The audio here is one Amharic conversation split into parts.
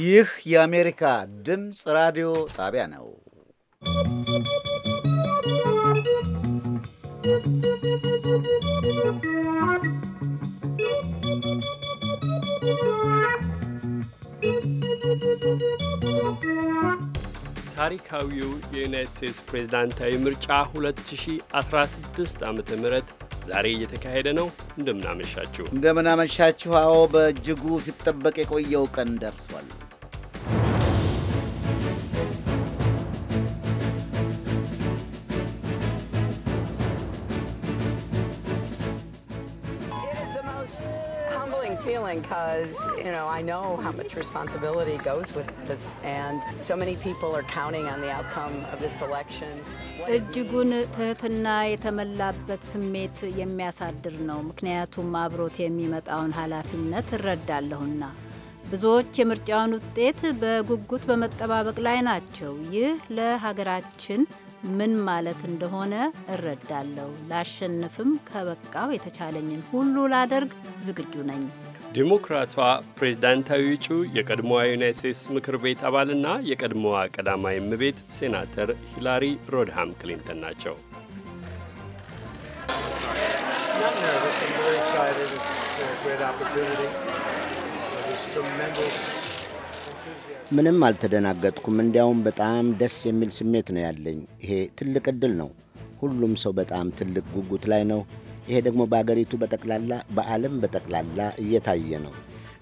ይህ የአሜሪካ ድምፅ ራዲዮ ጣቢያ ነው። ታሪካዊው የዩናይት ስቴትስ ፕሬዝዳንታዊ ምርጫ 2016 ዓ ም ዛሬ እየተካሄደ ነው። እንደምናመሻችሁ እንደምናመሻችሁ። አዎ በእጅጉ ሲጠበቅ የቆየው ቀን ደርሷል። because, you know, I know how much responsibility goes with this, and so many people are counting on the outcome of this election. እጅጉን ትህትና የተመላበት ስሜት የሚያሳድር ነው። ምክንያቱም አብሮት የሚመጣውን ኃላፊነት እረዳለሁና ብዙዎች የምርጫውን ውጤት በጉጉት በመጠባበቅ ላይ ናቸው። ይህ ለሀገራችን ምን ማለት እንደሆነ እረዳለሁ። ላሸንፍም ከበቃው የተቻለኝን ሁሉ ላደርግ ዝግጁ ነኝ። ዲሞክራቷ ፕሬዝዳንታዊ እጩ የቀድሞዋ ዩናይት ስቴትስ ምክር ቤት አባልና የቀድሞዋ ቀዳማዊ እመቤት ሴናተር ሂላሪ ሮድሃም ክሊንተን ናቸው። ምንም አልተደናገጥኩም። እንዲያውም በጣም ደስ የሚል ስሜት ነው ያለኝ። ይሄ ትልቅ ዕድል ነው። ሁሉም ሰው በጣም ትልቅ ጉጉት ላይ ነው። ይሄ ደግሞ በአገሪቱ በጠቅላላ በዓለም በጠቅላላ እየታየ ነው።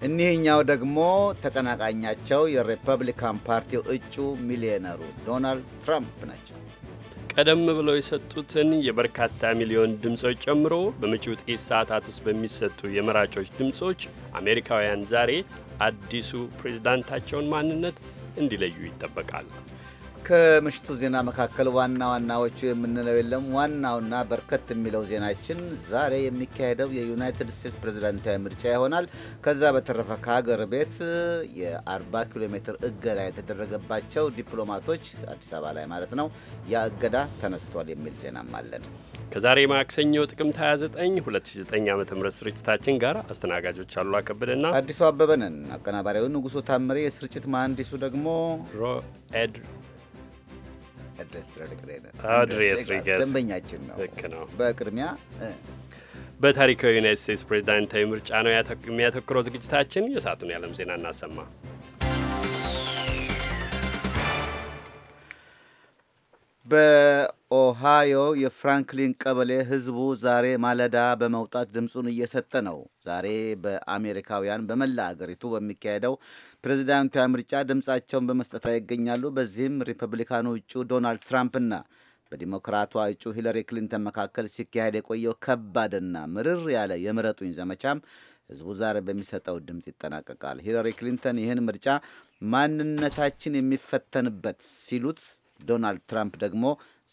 እኒህኛው ደግሞ ተቀናቃኛቸው የሪፐብሊካን ፓርቲው እጩ ሚሊዮነሩ ዶናልድ ትራምፕ ናቸው። ቀደም ብለው የሰጡትን የበርካታ ሚሊዮን ድምፆች ጨምሮ በመጪው ጥቂት ሰዓታት ውስጥ በሚሰጡ የመራጮች ድምፆች አሜሪካውያን ዛሬ አዲሱ ፕሬዝዳንታቸውን ማንነት እንዲለዩ ይጠበቃል። ከምሽቱ ዜና መካከል ዋና ዋናዎቹ የምንለው የለም። ዋናውና በርከት የሚለው ዜናችን ዛሬ የሚካሄደው የዩናይትድ ስቴትስ ፕሬዝዳንታዊ ምርጫ ይሆናል። ከዛ በተረፈ ከሀገር ቤት የ40 ኪሎ ሜትር እገዳ የተደረገባቸው ዲፕሎማቶች አዲስ አበባ ላይ ማለት ነው ያ እገዳ ተነስቷል የሚል ዜናም አለን። ከዛሬ ማክሰኞ ጥቅምት 29 2009 ዓ ም ስርጭታችን ጋር አስተናጋጆች አሉ አከበደና አዲሱ አበበ ነን። አቀናባሪው ንጉሱ ታምሬ፣ የስርጭት መሐንዲሱ ደግሞ ኤድ አድሬስ ረድግሬ አድሬስ ሪገስ ደንበኛችን ነው። ልክ ነው። በቅድሚያ በታሪካዊ ዩናይት ስቴትስ ፕሬዚዳንታዊ ምርጫ ነው የሚያተኩረው ዝግጅታችን። የሰዓቱን የዓለም ዜና እናሰማ። በኦሃዮ የፍራንክሊን ቀበሌ ህዝቡ ዛሬ ማለዳ በመውጣት ድምፁን እየሰጠ ነው። ዛሬ በአሜሪካውያን በመላ አገሪቱ በሚካሄደው ፕሬዚዳንታዊ ምርጫ ድምፃቸውን በመስጠት ላይ ይገኛሉ። በዚህም ሪፐብሊካኑ እጩ ዶናልድ ትራምፕና በዲሞክራቷ እጩ ሂለሪ ክሊንተን መካከል ሲካሄድ የቆየው ከባድና ምርር ያለ የምረጡኝ ዘመቻም ህዝቡ ዛሬ በሚሰጠው ድምፅ ይጠናቀቃል። ሂለሪ ክሊንተን ይህን ምርጫ ማንነታችን የሚፈተንበት ሲሉት ዶናልድ ትራምፕ ደግሞ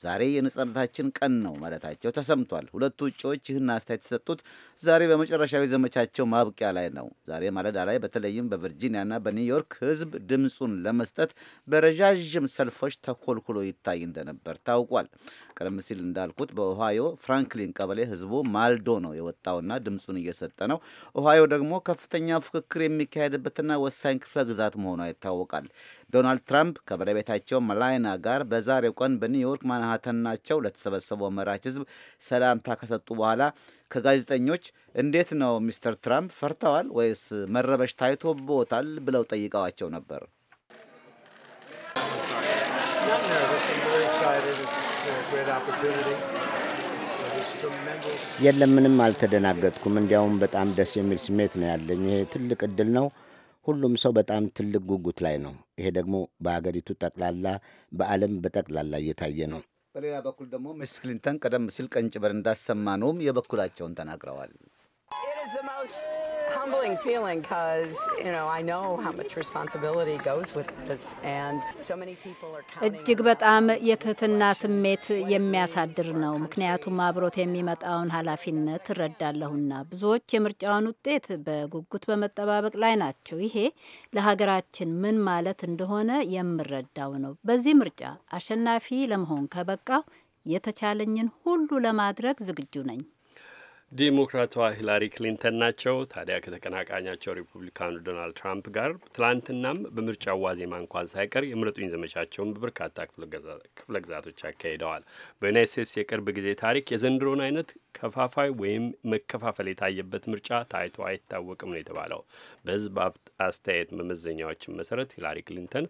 ዛሬ የነጻነታችን ቀን ነው ማለታቸው ተሰምቷል። ሁለቱ እጩዎች ይህን አስተያየት የተሰጡት ዛሬ በመጨረሻዊ ዘመቻቸው ማብቂያ ላይ ነው። ዛሬ ማለዳ ላይ በተለይም በቨርጂኒያና በኒውዮርክ ሕዝብ ድምፁን ለመስጠት በረዣዥም ሰልፎች ተኮልኩሎ ይታይ እንደነበር ታውቋል። ቀደም ሲል እንዳልኩት በኦሃዮ ፍራንክሊን ቀበሌ ሕዝቡ ማልዶ ነው የወጣውና ድምፁን እየሰጠ ነው። ኦሃዮ ደግሞ ከፍተኛ ፉክክር የሚካሄድበትና ወሳኝ ክፍለ ግዛት መሆኗ ይታወቃል። ዶናልድ ትራምፕ ከባለቤታቸው መላይና ጋር በዛሬው ቀን በኒውዮርክ ማና ናቸው ለተሰበሰበው መራች ህዝብ ሰላምታ ከሰጡ በኋላ ከጋዜጠኞች እንዴት ነው ሚስተር ትራምፕ ፈርተዋል ወይስ መረበሽ ታይቶብዎታል ብለው ጠይቀዋቸው ነበር። የለም፣ ምንም አልተደናገጥኩም። እንዲያውም በጣም ደስ የሚል ስሜት ነው ያለኝ። ይሄ ትልቅ እድል ነው። ሁሉም ሰው በጣም ትልቅ ጉጉት ላይ ነው። ይሄ ደግሞ በአገሪቱ ጠቅላላ፣ በዓለም በጠቅላላ እየታየ ነው። በሌላ በኩል ደግሞ ሚስ ክሊንተን ቀደም ሲል ቀንጭበን እንዳሰማነውም የበኩላቸውን ተናግረዋል። was the most humbling feeling because, you know, I know how much responsibility goes with this and so many people are counting. እጅግ በጣም የትህትና ስሜት የሚያሳድር ነው። ምክንያቱም አብሮት የሚመጣውን ኃላፊነት እረዳለሁና ብዙዎች የምርጫውን ውጤት በጉጉት በመጠባበቅ ላይ ናቸው። ይሄ ለሀገራችን ምን ማለት እንደሆነ የምረዳው ነው። በዚህ ምርጫ አሸናፊ ለመሆን ከበቃው የተቻለኝን ሁሉ ለማድረግ ዝግጁ ነኝ። ዲሞክራቷ ሂላሪ ክሊንተን ናቸው። ታዲያ ከተቀናቃኛቸው ሪፑብሊካኑ ዶናልድ ትራምፕ ጋር ትላንትናም በምርጫው ዋዜማ እንኳን ሳይቀር የምረጡኝ ዘመቻቸውን በበርካታ ክፍለ ግዛቶች አካሂደዋል። በዩናይት ስቴትስ የቅርብ ጊዜ ታሪክ የዘንድሮን አይነት ከፋፋይ ወይም መከፋፈል የታየበት ምርጫ ታይቶ አይታወቅም ነው የተባለው። በህዝብ አስተያየት መመዘኛዎችን መሰረት ሂላሪ ክሊንተን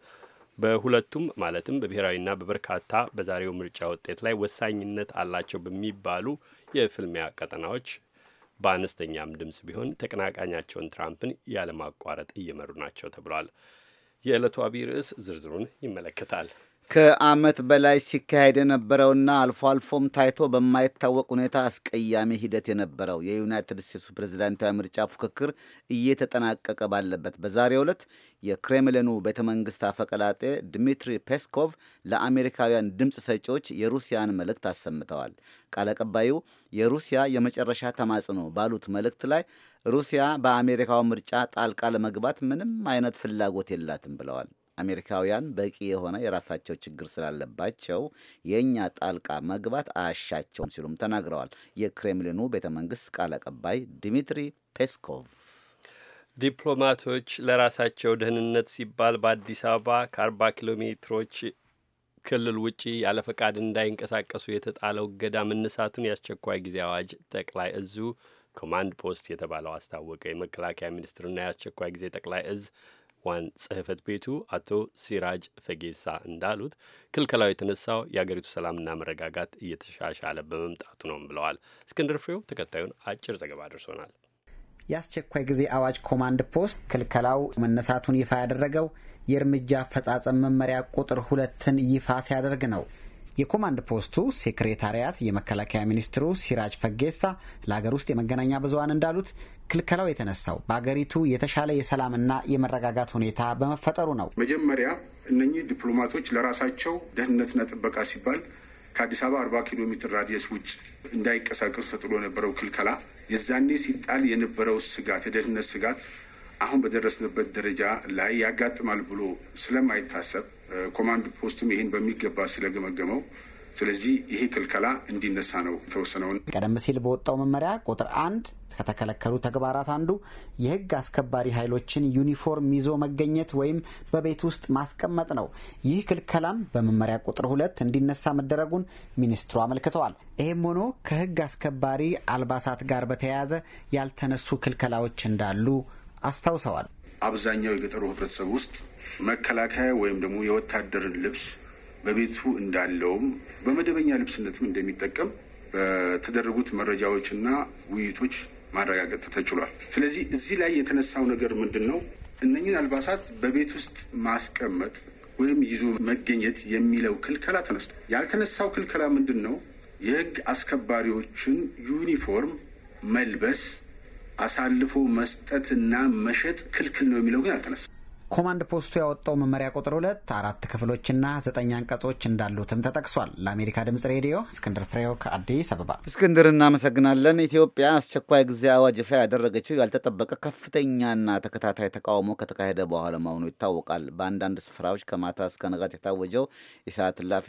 በሁለቱም ማለትም በብሔራዊና በበርካታ በዛሬው ምርጫ ውጤት ላይ ወሳኝነት አላቸው በሚባሉ የፍልሚያ ቀጠናዎች በአነስተኛም ድምፅ ቢሆን ተቀናቃኛቸውን ትራምፕን ያለማቋረጥ እየመሩ ናቸው ተብሏል። የዕለቱ አቢ ርዕስ ዝርዝሩን ይመለከታል። ከዓመት በላይ ሲካሄድ የነበረውና አልፎ አልፎም ታይቶ በማይታወቅ ሁኔታ አስቀያሚ ሂደት የነበረው የዩናይትድ ስቴትሱ ፕሬዝዳንታዊ ምርጫ ፉክክር እየተጠናቀቀ ባለበት በዛሬው ዕለት የክሬምሊኑ ቤተ መንግስት አፈቀላጤ ድሚትሪ ፔስኮቭ ለአሜሪካውያን ድምፅ ሰጪዎች የሩሲያን መልእክት አሰምተዋል። ቃል አቀባዩ የሩሲያ የመጨረሻ ተማጽኖ ባሉት መልእክት ላይ ሩሲያ በአሜሪካው ምርጫ ጣልቃ ለመግባት ምንም አይነት ፍላጎት የላትም ብለዋል። አሜሪካውያን በቂ የሆነ የራሳቸው ችግር ስላለባቸው የእኛ ጣልቃ መግባት አያሻቸውም ሲሉም ተናግረዋል። የክሬምሊኑ ቤተ መንግስት ቃል አቀባይ ዲሚትሪ ፔስኮቭ ዲፕሎማቶች ለራሳቸው ደህንነት ሲባል በአዲስ አበባ ከአርባ ኪሎ ሜትሮች ክልል ውጪ ያለ ፈቃድ እንዳይንቀሳቀሱ የተጣለው እገዳ መነሳቱን የአስቸኳይ ጊዜ አዋጅ ጠቅላይ እዙ ኮማንድ ፖስት የተባለው አስታወቀ። የመከላከያ ሚኒስትርና የአስቸኳይ ጊዜ ጠቅላይ እዝ ዋን ጽህፈት ቤቱ አቶ ሲራጅ ፈጌሳ እንዳሉት ክልከላው የተነሳው የአገሪቱ ሰላምና መረጋጋት እየተሻሻለ በመምጣቱ ነው ብለዋል። እስክንድር ፍሬው ተከታዩን አጭር ዘገባ አድርሶናል። የአስቸኳይ ጊዜ አዋጅ ኮማንድ ፖስት ክልከላው መነሳቱን ይፋ ያደረገው የእርምጃ አፈጻጸም መመሪያ ቁጥር ሁለትን ይፋ ሲያደርግ ነው። የኮማንድ ፖስቱ ሴክሬታሪያት የመከላከያ ሚኒስትሩ ሲራጅ ፈጌሳ ለሀገር ውስጥ የመገናኛ ብዙሀን እንዳሉት ክልከላው የተነሳው በአገሪቱ የተሻለ የሰላምና የመረጋጋት ሁኔታ በመፈጠሩ ነው። መጀመሪያ እነኚህ ዲፕሎማቶች ለራሳቸው ደህንነትና ጥበቃ ሲባል ከአዲስ አበባ አርባ ኪሎ ሜትር ራዲየስ ውጭ እንዳይንቀሳቀሱ ተጥሎ የነበረው ክልከላ የዛኔ ሲጣል የነበረው ስጋት የደህንነት ስጋት አሁን በደረስንበት ደረጃ ላይ ያጋጥማል ብሎ ስለማይታሰብ ኮማንድ ፖስትም ይህን በሚገባ ስለገመገመው ስለዚህ ይሄ ክልከላ እንዲነሳ ነው የተወሰነውን። ቀደም ሲል በወጣው መመሪያ ቁጥር አንድ ከተከለከሉ ተግባራት አንዱ የሕግ አስከባሪ ኃይሎችን ዩኒፎርም ይዞ መገኘት ወይም በቤት ውስጥ ማስቀመጥ ነው። ይህ ክልከላም በመመሪያ ቁጥር ሁለት እንዲነሳ መደረጉን ሚኒስትሩ አመልክተዋል። ይህም ሆኖ ከሕግ አስከባሪ አልባሳት ጋር በተያያዘ ያልተነሱ ክልከላዎች እንዳሉ አስታውሰዋል። አብዛኛው የገጠሩ ህብረተሰብ ውስጥ መከላከያ ወይም ደግሞ የወታደርን ልብስ በቤቱ እንዳለውም በመደበኛ ልብስነትም እንደሚጠቀም በተደረጉት መረጃዎችና ውይይቶች ማረጋገጥ ተችሏል። ስለዚህ እዚህ ላይ የተነሳው ነገር ምንድን ነው? እነኝን አልባሳት በቤት ውስጥ ማስቀመጥ ወይም ይዞ መገኘት የሚለው ክልከላ ተነስቷል። ያልተነሳው ክልከላ ምንድን ነው? የህግ አስከባሪዎችን ዩኒፎርም መልበስ አሳልፎ መስጠትና መሸጥ ክልክል ነው የሚለው ግን አልተነሳም። ኮማንድ ፖስቱ ያወጣው መመሪያ ቁጥር ሁለት አራት ክፍሎችና ዘጠኝ አንቀጾች እንዳሉትም ተጠቅሷል። ለአሜሪካ ድምጽ ሬዲዮ እስክንድር ፍሬው ከአዲስ አበባ። እስክንድር እናመሰግናለን። ኢትዮጵያ አስቸኳይ ጊዜ አዋጅ ይፋ ያደረገችው ያልተጠበቀ ከፍተኛና ተከታታይ ተቃውሞ ከተካሄደ በኋላ መሆኑ ይታወቃል። በአንዳንድ ስፍራዎች ከማታ እስከ ንጋት የታወጀው የሰዓት እላፊ፣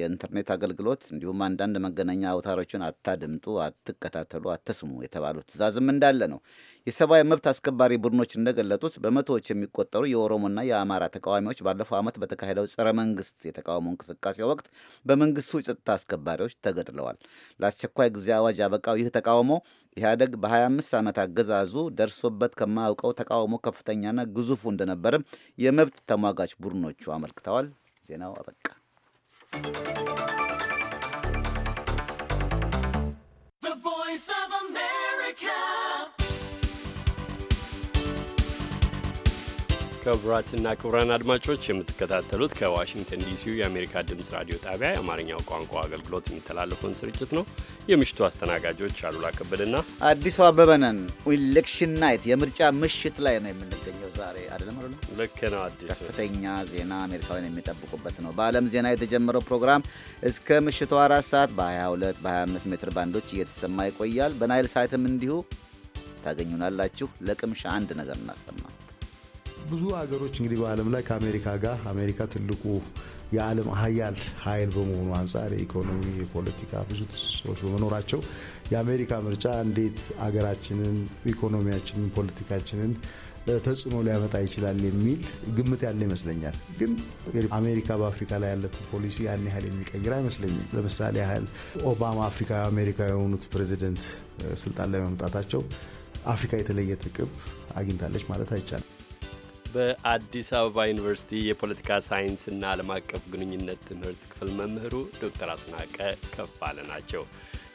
የኢንተርኔት አገልግሎት እንዲሁም አንዳንድ መገናኛ አውታሮችን አታድምጡ፣ አትከታተሉ፣ አትስሙ የተባሉ ትዕዛዝም እንዳለ ነው። የሰብአዊ መብት አስከባሪ ቡድኖች እንደገለጡት በመቶዎች የሚቆጠሩ የኦሮሞና የአማራ ተቃዋሚዎች ባለፈው ዓመት በተካሄደው ጸረ መንግስት የተቃውሞ እንቅስቃሴ ወቅት በመንግስቱ የጸጥታ አስከባሪዎች ተገድለዋል። ለአስቸኳይ ጊዜ አዋጅ ያበቃው ይህ ተቃውሞ ኢህአደግ በ25 ዓመት አገዛዙ ደርሶበት ከማያውቀው ተቃውሞ ከፍተኛና ግዙፉ እንደነበርም የመብት ተሟጋች ቡድኖቹ አመልክተዋል። ዜናው አበቃ። ክቡራትና ክቡራን አድማጮች የምትከታተሉት ከዋሽንግተን ዲሲ የአሜሪካ ድምፅ ራዲዮ ጣቢያ የአማርኛው ቋንቋ አገልግሎት የሚተላለፈውን ስርጭት ነው። የምሽቱ አስተናጋጆች አሉላ ከበደና አዲሱ አበበነን። ኢሌክሽን ናይት የምርጫ ምሽት ላይ ነው የምንገኘው ዛሬ አይደለም አሉላ? ልክ ነው አዲሱ። ከፍተኛ ዜና አሜሪካውያን የሚጠብቁበት ነው። በዓለም ዜና የተጀመረው ፕሮግራም እስከ ምሽቱ አራት ሰዓት በ22 በ25 ሜትር ባንዶች እየተሰማ ይቆያል። በናይል ሳይትም እንዲሁ ታገኙናላችሁ። ለቅምሻ አንድ ነገር እናሰማ ብዙ ሀገሮች እንግዲህ በዓለም ላይ ከአሜሪካ ጋር አሜሪካ ትልቁ የዓለም ሀያል ኃይል በመሆኑ አንጻር የኢኮኖሚ፣ የፖለቲካ ብዙ ትስስሮች በመኖራቸው የአሜሪካ ምርጫ እንዴት አገራችንን፣ ኢኮኖሚያችንን፣ ፖለቲካችንን ተጽዕኖ ሊያመጣ ይችላል የሚል ግምት ያለ ይመስለኛል። ግን አሜሪካ በአፍሪካ ላይ ያለትን ፖሊሲ ያን ያህል የሚቀይር አይመስለኝም። ለምሳሌ ያህል ኦባማ አፍሪካ አሜሪካ የሆኑት ፕሬዚደንት ስልጣን ላይ መምጣታቸው አፍሪካ የተለየ ጥቅም አግኝታለች ማለት አይቻልም። በአዲስ አበባ ዩኒቨርሲቲ የፖለቲካ ሳይንስና ዓለም አቀፍ ግንኙነት ትምህርት ክፍል መምህሩ ዶክተር አስናቀ ከፋለ ናቸው።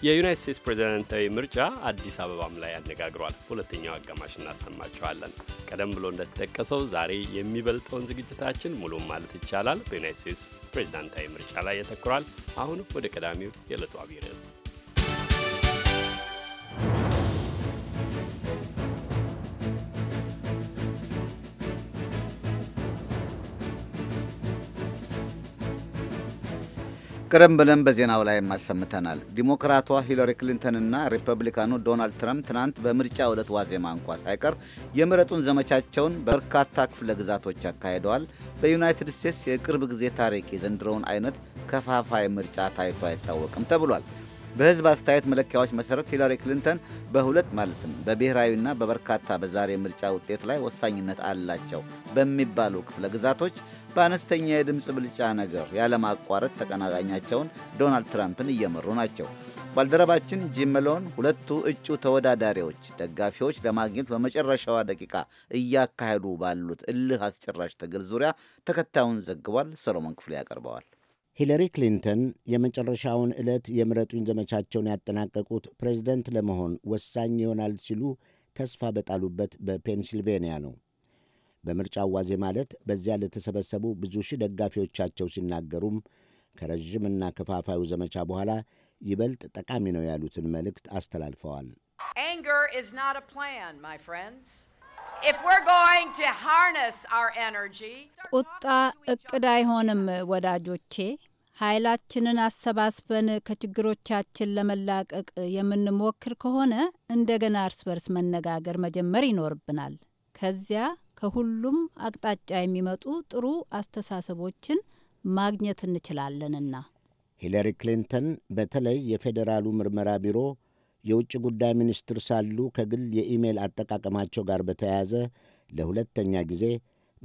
የዩናይት ስቴትስ ፕሬዚዳንታዊ ምርጫ አዲስ አበባም ላይ ያነጋግሯል። በሁለተኛው አጋማሽ እናሰማችኋለን። ቀደም ብሎ እንደተጠቀሰው ዛሬ የሚበልጠውን ዝግጅታችን ሙሉም ማለት ይቻላል በዩናይት ስቴትስ ፕሬዚዳንታዊ ምርጫ ላይ ያተኩራል። አሁን ወደ ቀዳሚው የዕለቱ አብይ ርዕስ ቀደም ብለን በዜናው ላይ አሰምተናል። ዲሞክራቷ ሂለሪ ክሊንተንና ሪፐብሊካኑ ዶናልድ ትራምፕ ትናንት በምርጫ ዕለት ዋዜማ እንኳ ሳይቀር የምረጡን ዘመቻቸውን በርካታ ክፍለ ግዛቶች አካሂደዋል። በዩናይትድ ስቴትስ የቅርብ ጊዜ ታሪክ የዘንድሮውን አይነት ከፋፋይ ምርጫ ታይቶ አይታወቅም ተብሏል። በህዝብ አስተያየት መለኪያዎች መሰረት ሂላሪ ክሊንተን በሁለት ማለትም በብሔራዊና በበርካታ በዛሬ ምርጫ ውጤት ላይ ወሳኝነት አላቸው በሚባሉ ክፍለ ግዛቶች በአነስተኛ የድምፅ ብልጫ ነገር ያለማቋረጥ ተቀናቃኛቸውን ዶናልድ ትራምፕን እየመሩ ናቸው። ባልደረባችን ጂም መሎን ሁለቱ እጩ ተወዳዳሪዎች ደጋፊዎች ለማግኘት በመጨረሻዋ ደቂቃ እያካሄዱ ባሉት እልህ አስጨራሽ ትግል ዙሪያ ተከታዩን ዘግቧል። ሰሎሞን ክፍሌ ያቀርበዋል። ሂለሪ ክሊንተን የመጨረሻውን ዕለት የምረጡኝ ዘመቻቸውን ያጠናቀቁት ፕሬዝደንት ለመሆን ወሳኝ ይሆናል ሲሉ ተስፋ በጣሉበት በፔንሲልቬንያ ነው። በምርጫው ዋዜ ማለት በዚያ ለተሰበሰቡ ብዙ ሺህ ደጋፊዎቻቸው ሲናገሩም ከረዥምና ከፋፋዩ ዘመቻ በኋላ ይበልጥ ጠቃሚ ነው ያሉትን መልእክት አስተላልፈዋል። ቁጣ እቅድ አይሆንም ወዳጆቼ። ኃይላችንን አሰባስበን ከችግሮቻችን ለመላቀቅ የምንሞክር ከሆነ እንደገና እርስ በርስ መነጋገር መጀመር ይኖርብናል። ከዚያ ከሁሉም አቅጣጫ የሚመጡ ጥሩ አስተሳሰቦችን ማግኘት እንችላለንና ሂለሪ ክሊንተን በተለይ የፌዴራሉ ምርመራ ቢሮ የውጭ ጉዳይ ሚኒስትር ሳሉ ከግል የኢሜል አጠቃቀማቸው ጋር በተያያዘ ለሁለተኛ ጊዜ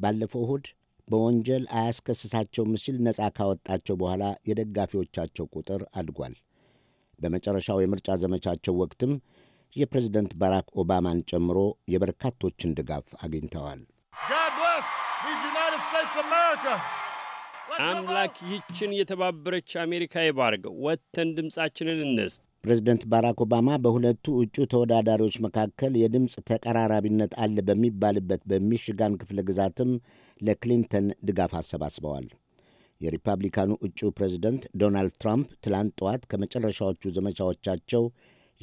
ባለፈው እሁድ በወንጀል አያስከስሳቸውም ሲል ነፃ ካወጣቸው በኋላ የደጋፊዎቻቸው ቁጥር አድጓል። በመጨረሻው የምርጫ ዘመቻቸው ወቅትም የፕሬዝደንት ባራክ ኦባማን ጨምሮ የበርካቶችን ድጋፍ አግኝተዋል። አምላክ ይችን የተባበረች አሜሪካ ይባርክ። ወጥተን ድምፃችንን እንስጥ። ፕሬዚደንት ባራክ ኦባማ በሁለቱ እጩ ተወዳዳሪዎች መካከል የድምፅ ተቀራራቢነት አለ በሚባልበት በሚሽጋን ክፍለ ግዛትም ለክሊንተን ድጋፍ አሰባስበዋል። የሪፐብሊካኑ እጩ ፕሬዚደንት ዶናልድ ትራምፕ ትላንት ጠዋት ከመጨረሻዎቹ ዘመቻዎቻቸው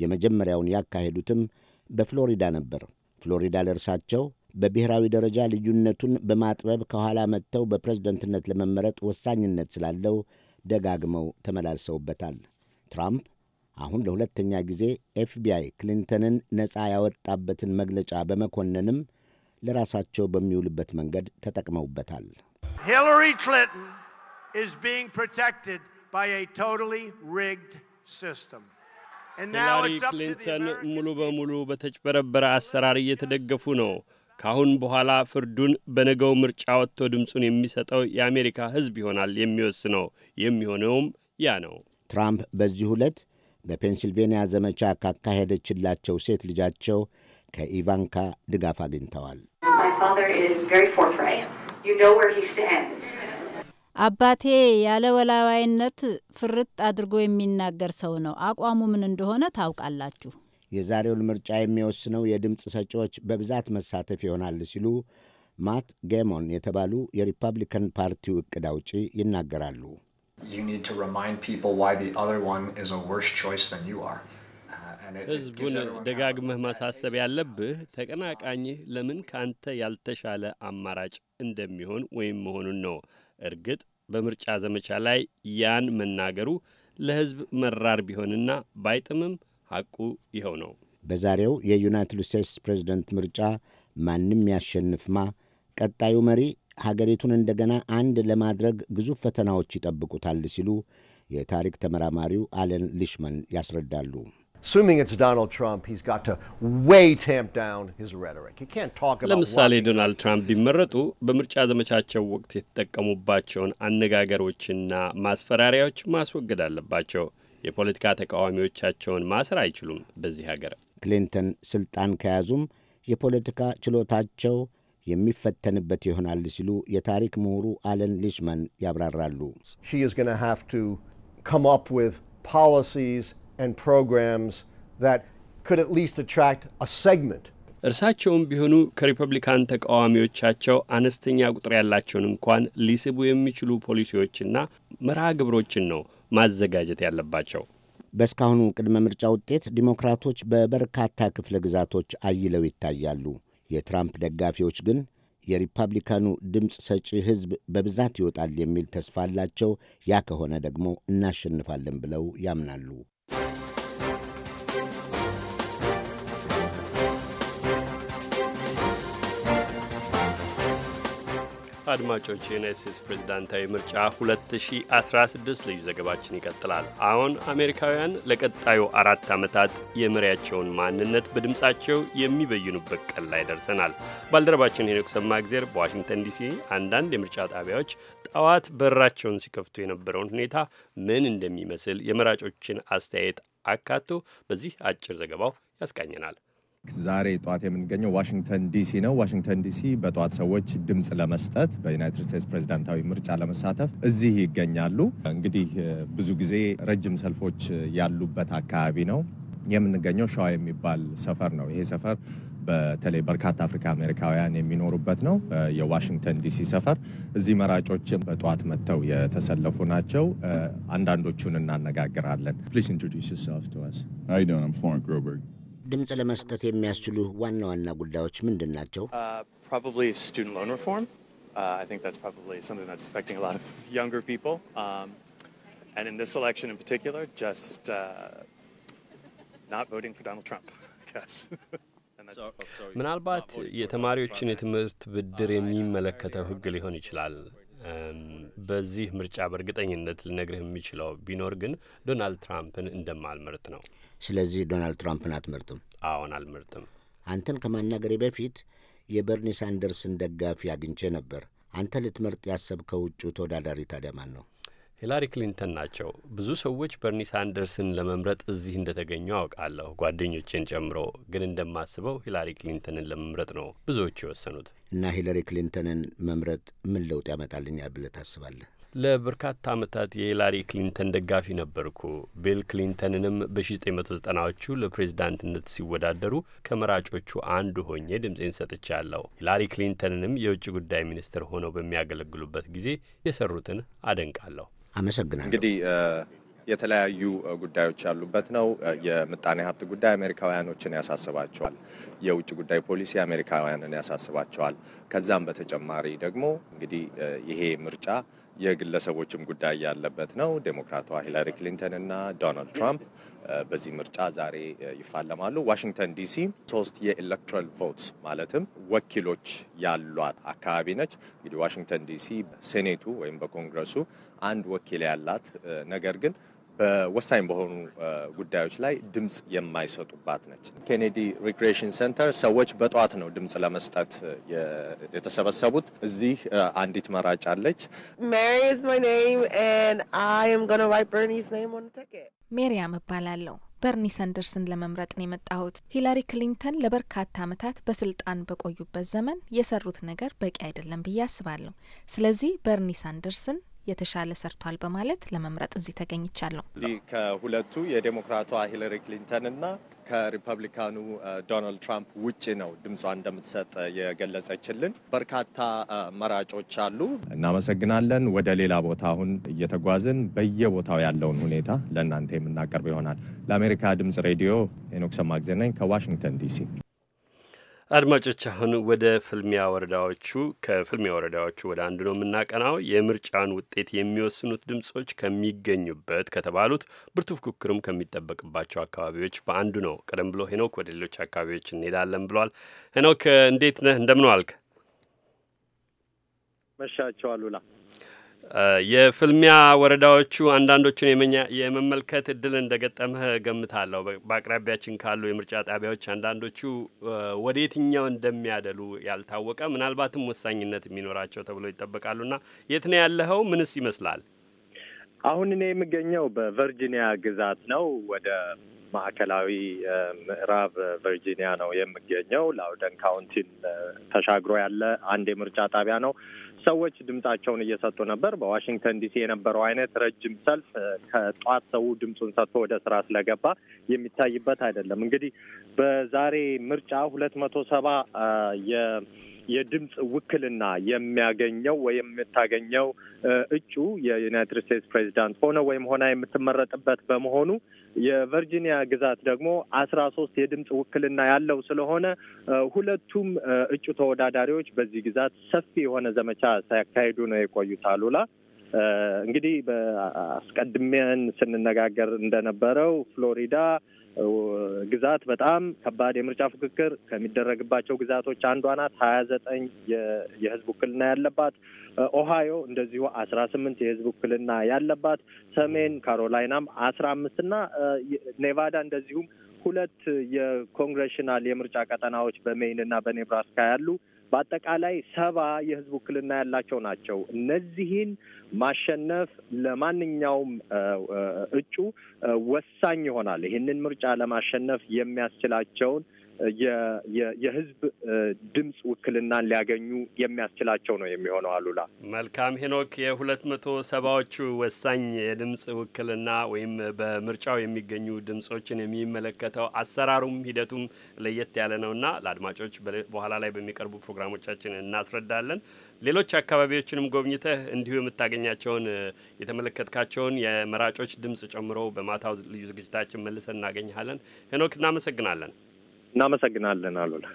የመጀመሪያውን ያካሄዱትም በፍሎሪዳ ነበር። ፍሎሪዳ ለእርሳቸው በብሔራዊ ደረጃ ልዩነቱን በማጥበብ ከኋላ መጥተው በፕሬዝደንትነት ለመመረጥ ወሳኝነት ስላለው ደጋግመው ተመላልሰውበታል። ትራምፕ አሁን ለሁለተኛ ጊዜ ኤፍቢአይ ክሊንተንን ነፃ ያወጣበትን መግለጫ በመኮነንም ለራሳቸው በሚውልበት መንገድ ተጠቅመውበታል። ሂላሪ ክሊንተን ኢዝ ቢንግ ፕሮቴክትድ ባይ ኤ ቶታሊ ሪግድ ሲስተም ሂላሪ ክሊንተን ሙሉ በሙሉ በተጭበረበረ አሰራር እየተደገፉ ነው። ካአሁን በኋላ ፍርዱን በነገው ምርጫ ወጥቶ ድምፁን የሚሰጠው የአሜሪካ ሕዝብ ይሆናል የሚወስነው። የሚሆነውም ያ ነው። ትራምፕ በዚህ ሁለት በፔንሲልቬንያ ዘመቻ ካካሄደችላቸው ሴት ልጃቸው ከኢቫንካ ድጋፍ አግኝተዋል። አባቴ ያለ ወላዋይነት ፍርጥ አድርጎ የሚናገር ሰው ነው። አቋሙ ምን እንደሆነ ታውቃላችሁ። የዛሬውን ምርጫ የሚወስነው የድምፅ ሰጪዎች በብዛት መሳተፍ ይሆናል ሲሉ ማት ጌሞን የተባሉ የሪፐብሊካን ፓርቲው እቅድ አውጪ ይናገራሉ። you need to remind people why the other one is a worse choice than you are. Uh, ህዝቡን ደጋግመህ ማሳሰብ ያለብህ ተቀናቃኝህ ለምን ከአንተ ያልተሻለ አማራጭ እንደሚሆን ወይም መሆኑን ነው። እርግጥ በምርጫ ዘመቻ ላይ ያን መናገሩ ለህዝብ መራር ቢሆንና ባይጥምም ሐቁ ይኸው ነው። በዛሬው የዩናይትድ ስቴትስ ፕሬዝደንት ምርጫ ማንም ያሸንፍማ ቀጣዩ መሪ ሀገሪቱን እንደገና አንድ ለማድረግ ግዙፍ ፈተናዎች ይጠብቁታል ሲሉ የታሪክ ተመራማሪው አለን ሊሽመን ያስረዳሉ። ለምሳሌ ዶናልድ ትራምፕ ቢመረጡ በምርጫ ዘመቻቸው ወቅት የተጠቀሙባቸውን አነጋገሮችና ማስፈራሪያዎች ማስወገድ አለባቸው። የፖለቲካ ተቃዋሚዎቻቸውን ማሰር አይችሉም። በዚህ ሀገር ክሊንተን ስልጣን ከያዙም የፖለቲካ ችሎታቸው የሚፈተንበት ይሆናል ሲሉ የታሪክ ምሁሩ አለን ሊሽመን ያብራራሉ። እርሳቸውም ቢሆኑ ከሪፐብሊካን ተቃዋሚዎቻቸው አነስተኛ ቁጥር ያላቸውን እንኳን ሊስቡ የሚችሉ ፖሊሲዎችና መርሃ ግብሮችን ነው ማዘጋጀት ያለባቸው። በእስካሁኑ ቅድመ ምርጫ ውጤት ዲሞክራቶች በበርካታ ክፍለ ግዛቶች አይለው ይታያሉ። የትራምፕ ደጋፊዎች ግን የሪፐብሊካኑ ድምፅ ሰጪ ሕዝብ በብዛት ይወጣል የሚል ተስፋ አላቸው። ያ ከሆነ ደግሞ እናሸንፋለን ብለው ያምናሉ። አድማጮች የዩናይት ስቴትስ ፕሬዝዳንታዊ ምርጫ 2016 ልዩ ዘገባችን ይቀጥላል። አሁን አሜሪካውያን ለቀጣዩ አራት ዓመታት የመሪያቸውን ማንነት በድምፃቸው የሚበይኑበት ቀን ላይ ደርሰናል። ባልደረባችን ሄኖክ ሰማእግዜር በዋሽንግተን ዲሲ አንዳንድ የምርጫ ጣቢያዎች ጠዋት በራቸውን ሲከፍቱ የነበረውን ሁኔታ ምን እንደሚመስል የመራጮችን አስተያየት አካቶ በዚህ አጭር ዘገባው ያስቃኘናል። ዛሬ ጠዋት የምንገኘው ዋሽንግተን ዲሲ ነው። ዋሽንግተን ዲሲ በጠዋት ሰዎች ድምፅ ለመስጠት በዩናይትድ ስቴትስ ፕሬዚዳንታዊ ምርጫ ለመሳተፍ እዚህ ይገኛሉ። እንግዲህ ብዙ ጊዜ ረጅም ሰልፎች ያሉበት አካባቢ ነው የምንገኘው። ሸዋ የሚባል ሰፈር ነው። ይሄ ሰፈር በተለይ በርካታ አፍሪካ አሜሪካውያን የሚኖሩበት ነው። የዋሽንግተን ዲሲ ሰፈር እዚህ መራጮች በጠዋት መጥተው የተሰለፉ ናቸው። አንዳንዶቹን እናነጋግራለን። ድምፅ ለመስጠት የሚያስችሉ ዋና ዋና ጉዳዮች ምንድን ናቸው? ምናልባት የተማሪዎችን የትምህርት ብድር uh, የሚመለከተው ሕግ ሊሆን ይችላል። um, በዚህ ምርጫ በእርግጠኝነት ልነግርህ የሚችለው ቢኖር ግን ዶናልድ ትራምፕን እንደማልመርጥ ነው። ስለዚህ ዶናልድ ትራምፕን አትመርጥም? አዎን፣ አልመርጥም። አንተን ከማናገሬ በፊት የበርኒ ሳንደርስን ደጋፊ አግኝቼ ነበር። አንተ ልትመርጥ ያሰብከው ውጩ ተወዳዳሪ ታዲያ ማን ነው? ሂላሪ ክሊንተን ናቸው። ብዙ ሰዎች በርኒ ሳንደርስን ለመምረጥ እዚህ እንደተገኙ አውቃለሁ፣ ጓደኞቼን ጨምሮ። ግን እንደማስበው ሂላሪ ክሊንተንን ለመምረጥ ነው ብዙዎቹ የወሰኑት። እና ሂላሪ ክሊንተንን መምረጥ ምን ለውጥ ያመጣልኛል ብለህ ታስባለህ? ለበርካታ ዓመታት የሂላሪ ክሊንተን ደጋፊ ነበርኩ። ቢል ክሊንተንንም በ1990ዎቹ ለፕሬዝዳንትነት ሲወዳደሩ ከመራጮቹ አንዱ ሆኜ ድምፄን ሰጥቻለሁ። ሂላሪ ክሊንተንንም የውጭ ጉዳይ ሚኒስትር ሆነው በሚያገለግሉበት ጊዜ የሰሩትን አደንቃለሁ። አመሰግናለሁ። እንግዲህ የተለያዩ ጉዳዮች ያሉበት ነው። የምጣኔ ሀብት ጉዳይ አሜሪካውያኖችን ያሳስባቸዋል። የውጭ ጉዳይ ፖሊሲ አሜሪካውያንን ያሳስባቸዋል። ከዛም በተጨማሪ ደግሞ እንግዲህ ይሄ ምርጫ የግለሰቦችም ጉዳይ ያለበት ነው። ዴሞክራቷ ሂላሪ ክሊንተን እና ዶናልድ ትራምፕ በዚህ ምርጫ ዛሬ ይፋለማሉ። ዋሽንግተን ዲሲ ሶስት የኤሌክትራል ቮትስ ማለትም ወኪሎች ያሏት አካባቢ ነች። እንግዲህ ዋሽንግተን ዲሲ በሴኔቱ ወይም በኮንግረሱ አንድ ወኪል ያላት ነገር ግን በወሳኝ በሆኑ ጉዳዮች ላይ ድምፅ የማይሰጡባት ነች። ኬኔዲ ሪክሬሽን ሴንተር ሰዎች በጠዋት ነው ድምፅ ለመስጠት የተሰበሰቡት። እዚህ አንዲት መራጭ አለች። ሜሪያም እባላለሁ። በርኒ ሳንደርስን ለመምረጥ ነው የመጣሁት። ሂላሪ ክሊንተን ለበርካታ ዓመታት በስልጣን በቆዩበት ዘመን የሰሩት ነገር በቂ አይደለም ብዬ አስባለሁ። ስለዚህ በርኒ ሳንደርስን የተሻለ ሰርቷል በማለት ለመምረጥ እዚህ ተገኝቻለሁ። ከሁለቱ የዴሞክራቷ ሂለሪ ክሊንተንና ከሪፐብሊካኑ ዶናልድ ትራምፕ ውጭ ነው ድምጿን እንደምትሰጥ የገለጸችልን። በርካታ መራጮች አሉ። እናመሰግናለን። ወደ ሌላ ቦታ አሁን እየተጓዝን በየቦታው ያለውን ሁኔታ ለእናንተ የምናቀርብ ይሆናል። ለአሜሪካ ድምጽ ሬዲዮ ሄኖክ ነኝ ከዋሽንግተን ዲሲ። አድማጮች አሁን ወደ ፍልሚያ ወረዳዎቹ ከፍልሚያ ወረዳዎቹ ወደ አንዱ ነው የምናቀናው። የምርጫን ውጤት የሚወስኑት ድምጾች ከሚገኙበት ከተባሉት ብርቱ ፉክክርም ከሚጠበቅባቸው አካባቢዎች በአንዱ ነው። ቀደም ብሎ ሄኖክ ወደ ሌሎች አካባቢዎች እንሄዳለን ብሏል። ሄኖክ እንዴት ነህ? እንደምን ዋልክ? መሻቸው አሉላ የፍልሚያ ወረዳዎቹ አንዳንዶቹን የመመልከት እድል እንደገጠመህ ገምታለሁ። በአቅራቢያችን ካሉ የምርጫ ጣቢያዎች አንዳንዶቹ ወደ የትኛው እንደሚያደሉ ያልታወቀ ምናልባትም ወሳኝነት የሚኖራቸው ተብሎ ይጠበቃሉና የት ነው ያለኸው? ምንስ ይመስላል? አሁን እኔ የምገኘው በቨርጂኒያ ግዛት ነው። ወደ ማዕከላዊ ምዕራብ ቨርጂኒያ ነው የምገኘው። ላውደን ካውንቲን ተሻግሮ ያለ አንድ የምርጫ ጣቢያ ነው። ሰዎች ድምጻቸውን እየሰጡ ነበር። በዋሽንግተን ዲሲ የነበረው አይነት ረጅም ሰልፍ ከጧት ሰው ድምፁን ሰጥቶ ወደ ስራ ስለገባ የሚታይበት አይደለም። እንግዲህ በዛሬ ምርጫ ሁለት መቶ ሰባ የድምፅ ውክልና የሚያገኘው ወይም የምታገኘው እጩ የዩናይትድ ስቴትስ ፕሬዚዳንት ሆነ ወይም ሆና የምትመረጥበት በመሆኑ የቨርጂኒያ ግዛት ደግሞ አስራ ሶስት የድምፅ ውክልና ያለው ስለሆነ ሁለቱም እጩ ተወዳዳሪዎች በዚህ ግዛት ሰፊ የሆነ ዘመቻ ሳያካሄዱ ነው የቆዩት። አሉላ እንግዲህ በአስቀድሜን ስንነጋገር እንደነበረው ፍሎሪዳ ግዛት በጣም ከባድ የምርጫ ፉክክር ከሚደረግባቸው ግዛቶች አንዷ ናት። ሀያ ዘጠኝ የህዝብ ውክልና ያለባት ኦሃዮ እንደዚሁ አስራ ስምንት የህዝብ ውክልና ያለባት ሰሜን ካሮላይናም አስራ አምስት እና ኔቫዳ እንደዚሁም ሁለት የኮንግሬሽናል የምርጫ ቀጠናዎች በሜይን እና በኔብራስካ ያሉ በአጠቃላይ ሰባ የህዝብ ውክልና ያላቸው ናቸው። እነዚህን ማሸነፍ ለማንኛውም እጩ ወሳኝ ይሆናል። ይህንን ምርጫ ለማሸነፍ የሚያስችላቸውን የህዝብ ድምፅ ውክልናን ሊያገኙ የሚያስችላቸው ነው የሚሆነው። አሉላ መልካም ሄኖክ፣ የሁለት መቶ ሰባዎቹ ወሳኝ የድምፅ ውክልና ወይም በምርጫው የሚገኙ ድምፆችን የሚመለከተው አሰራሩም ሂደቱም ለየት ያለ ነውና ለአድማጮች በኋላ ላይ በሚቀርቡ ፕሮግራሞቻችን እናስረዳለን። ሌሎች አካባቢዎችንም ጎብኝተህ እንዲሁ የምታገኛቸውን የተመለከትካቸውን የመራጮች ድምፅ ጨምሮ በማታው ልዩ ዝግጅታችን መልሰን እናገኝሃለን። ሄኖክ፣ እናመሰግናለን። እናመሰግናለን አሉላ።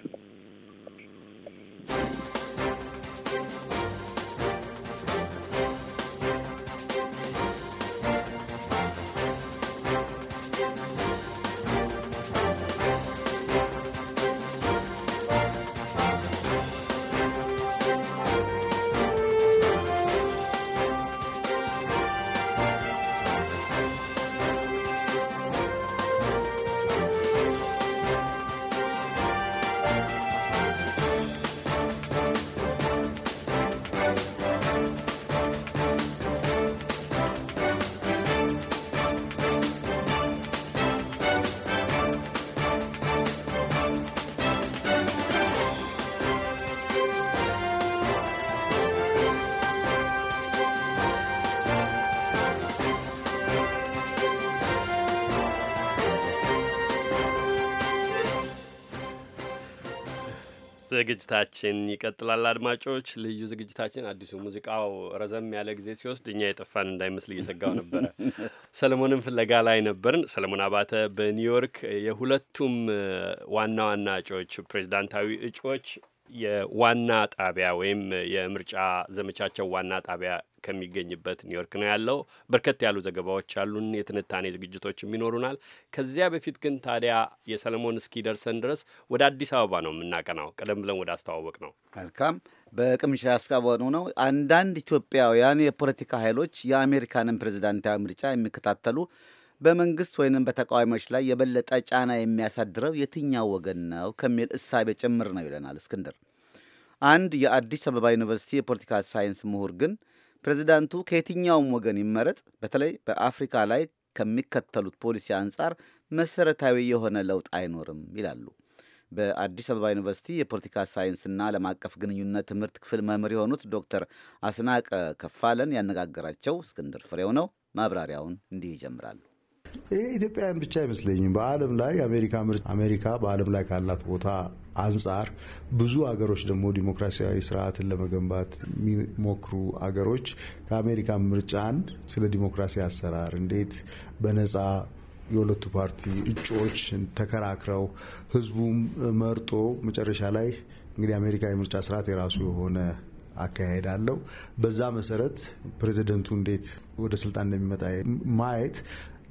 ዝግጅታችን ይቀጥላል። አድማጮች፣ ልዩ ዝግጅታችን አዲሱ ሙዚቃው ረዘም ያለ ጊዜ ሲወስድ እኛ የጠፋን እንዳይመስል እየሰጋው ነበረ። ሰለሞንም ፍለጋ ላይ ነበርን። ሰለሞን አባተ በኒውዮርክ የሁለቱም ዋና ዋና እጩዎች ፕሬዚዳንታዊ እጩዎች የዋና ጣቢያ ወይም የምርጫ ዘመቻቸው ዋና ጣቢያ ከሚገኝበት ኒውዮርክ ነው ያለው። በርከት ያሉ ዘገባዎች አሉን፣ የትንታኔ ዝግጅቶችም ይኖሩናል። ከዚያ በፊት ግን ታዲያ የሰለሞን እስኪ ደርሰን ድረስ ወደ አዲስ አበባ ነው የምናቀናው። ቀደም ብለን ወደ አስተዋወቅ ነው። መልካም በቅምሻ ያስቃወኑ ነው። አንዳንድ ኢትዮጵያውያን የፖለቲካ ኃይሎች የአሜሪካንን ፕሬዚዳንታዊ ምርጫ የሚከታተሉ በመንግስት ወይንም በተቃዋሚዎች ላይ የበለጠ ጫና የሚያሳድረው የትኛው ወገን ነው ከሚል እሳቤ ጭምር ነው ይለናል እስክንድር። አንድ የአዲስ አበባ ዩኒቨርሲቲ የፖለቲካ ሳይንስ ምሁር ግን ፕሬዚዳንቱ ከየትኛውም ወገን ይመረጥ በተለይ በአፍሪካ ላይ ከሚከተሉት ፖሊሲ አንጻር መሰረታዊ የሆነ ለውጥ አይኖርም ይላሉ። በአዲስ አበባ ዩኒቨርሲቲ የፖለቲካ ሳይንስና ዓለም አቀፍ ግንኙነት ትምህርት ክፍል መምህር የሆኑት ዶክተር አስናቀ ከፋለን ያነጋገራቸው እስክንድር ፍሬው ነው። ማብራሪያውን እንዲህ ይጀምራሉ። ይህ ኢትዮጵያውያን ብቻ አይመስለኝም። በዓለም ላይ አሜሪካ ምርጫ አሜሪካ በዓለም ላይ ካላት ቦታ አንጻር ብዙ አገሮች ደግሞ ዲሞክራሲያዊ ስርዓትን ለመገንባት የሚሞክሩ አገሮች ከአሜሪካ ምርጫን ስለ ዲሞክራሲ አሰራር እንዴት በነፃ የሁለቱ ፓርቲ እጩዎች ተከራክረው ህዝቡም መርጦ መጨረሻ ላይ እንግዲህ አሜሪካ የምርጫ ስርዓት የራሱ የሆነ አካሄድ አለው። በዛ መሰረት ፕሬዚደንቱ እንዴት ወደ ስልጣን እንደሚመጣ ማየት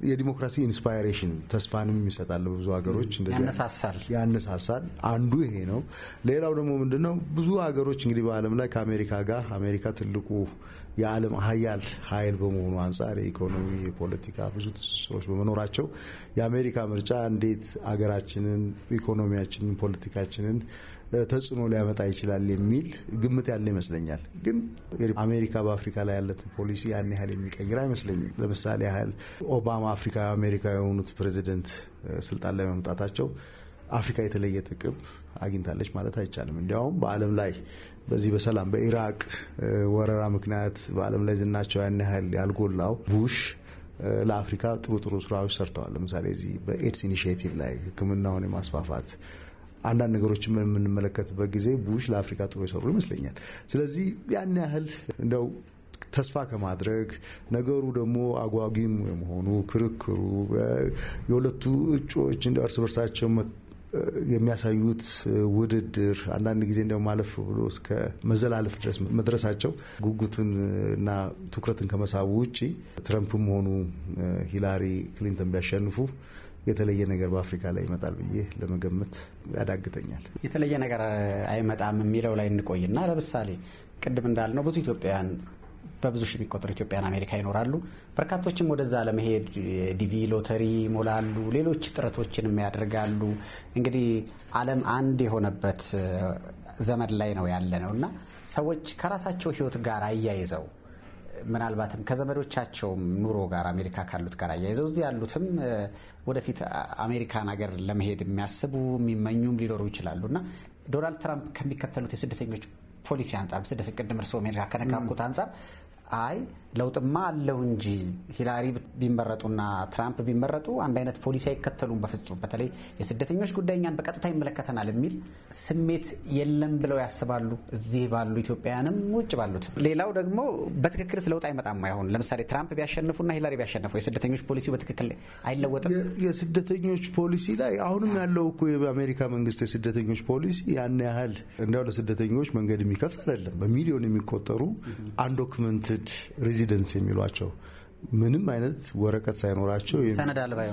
የዲሞክራሲ ኢንስፓይሬሽን ተስፋንም ይሰጣል። ብዙ ሀገሮች ያነሳሳል ያነሳሳል። አንዱ ይሄ ነው። ሌላው ደግሞ ምንድን ነው ብዙ ሀገሮች እንግዲህ በአለም ላይ ከአሜሪካ ጋር አሜሪካ ትልቁ የዓለም ሀያል ኃይል በመሆኑ አንጻር የኢኮኖሚ፣ የፖለቲካ ብዙ ትስስሮች በመኖራቸው የአሜሪካ ምርጫ እንዴት አገራችንን፣ ኢኮኖሚያችንን፣ ፖለቲካችንን ተጽዕኖ ሊያመጣ ይችላል የሚል ግምት ያለ ይመስለኛል። ግን አሜሪካ በአፍሪካ ላይ ያለትን ፖሊሲ ያን ያህል የሚቀይር አይመስለኝም። ለምሳሌ ያህል ኦባማ አፍሪካ አሜሪካ የሆኑት ፕሬዚደንት ስልጣን ላይ መምጣታቸው አፍሪካ የተለየ ጥቅም አግኝታለች ማለት አይቻልም። እንዲያውም በዓለም ላይ በዚህ በሰላም በኢራቅ ወረራ ምክንያት በዓለም ላይ ዝናቸው ያን ያህል ያልጎላው ቡሽ ለአፍሪካ ጥሩ ጥሩ ስራዎች ሰርተዋል። ለምሳሌ እዚህ በኤድስ ኢኒሽቲቭ ላይ ሕክምናውን የማስፋፋት አንዳንድ ነገሮችን የምንመለከትበት ጊዜ ቡሽ ለአፍሪካ ጥሩ የሰሩ ይመስለኛል። ስለዚህ ያን ያህል እንደው ተስፋ ከማድረግ ነገሩ ደግሞ አጓጊም የመሆኑ ክርክሩ የሁለቱ እጩዎች እንደ እርስ በርሳቸው የሚያሳዩት ውድድር አንዳንድ ጊዜ እንደው ማለፍ ብሎ እስከ መዘላለፍ ድረስ መድረሳቸው ጉጉትን እና ትኩረትን ከመሳቡ ውጪ ትረምፕም ሆኑ ሂላሪ ክሊንተን ቢያሸንፉ የተለየ ነገር በአፍሪካ ላይ ይመጣል ብዬ ለመገመት ያዳግተኛል። የተለየ ነገር አይመጣም የሚለው ላይ እንቆይና ለምሳሌ ቅድም እንዳልነው ብዙ ኢትዮጵያውያን በብዙ ሺህ የሚቆጠሩ ኢትዮጵያን አሜሪካ ይኖራሉ። በርካቶችም ወደዛ ለመሄድ ዲቪ ሎተሪ ይሞላሉ፣ ሌሎች ጥረቶችንም ያደርጋሉ። እንግዲህ ዓለም አንድ የሆነበት ዘመን ላይ ነው ያለ ነው እና ሰዎች ከራሳቸው ሕይወት ጋር አያይዘው ምናልባትም ከዘመዶቻቸውም ኑሮ ጋር አሜሪካ ካሉት ጋር አያይዘው እዚህ ያሉትም ወደፊት አሜሪካን ሀገር ለመሄድ የሚያስቡ የሚመኙም ሊኖሩ ይችላሉ እና ዶናልድ ትራምፕ ከሚከተሉት የስደተኞች ፖሊሲ አንጻር ስደተኝ ቅድም እርስዎ አሜሪካ ከነካኩት አንጻር አይ ለውጥማ አለው እንጂ ሂላሪ ቢመረጡና ትራምፕ ቢመረጡ አንድ አይነት ፖሊሲ አይከተሉም በፍጹም በተለይ የስደተኞች ጉዳይ እኛን በቀጥታ ይመለከተናል የሚል ስሜት የለም ብለው ያስባሉ እዚህ ባሉ ኢትዮጵያውያንም ውጭ ባሉት። ሌላው ደግሞ በትክክልስ ለውጥ አይመጣም። አሁን ለምሳሌ ትራምፕ ቢያሸንፉና ሂላሪ ቢያሸንፉ የስደተኞች ፖሊሲ በትክክል አይለወጥም። የስደተኞች ፖሊሲ ላይ አሁንም ያለው እኮ የአሜሪካ መንግስት የስደተኞች ፖሊሲ ያን ያህል እንዲያው ለስደተኞች መንገድ የሚከፍት አይደለም። በሚሊዮን የሚቆጠሩ አንዶክመንትድ ሪጅድ ሬዚደንስ የሚሏቸው ምንም አይነት ወረቀት ሳይኖራቸው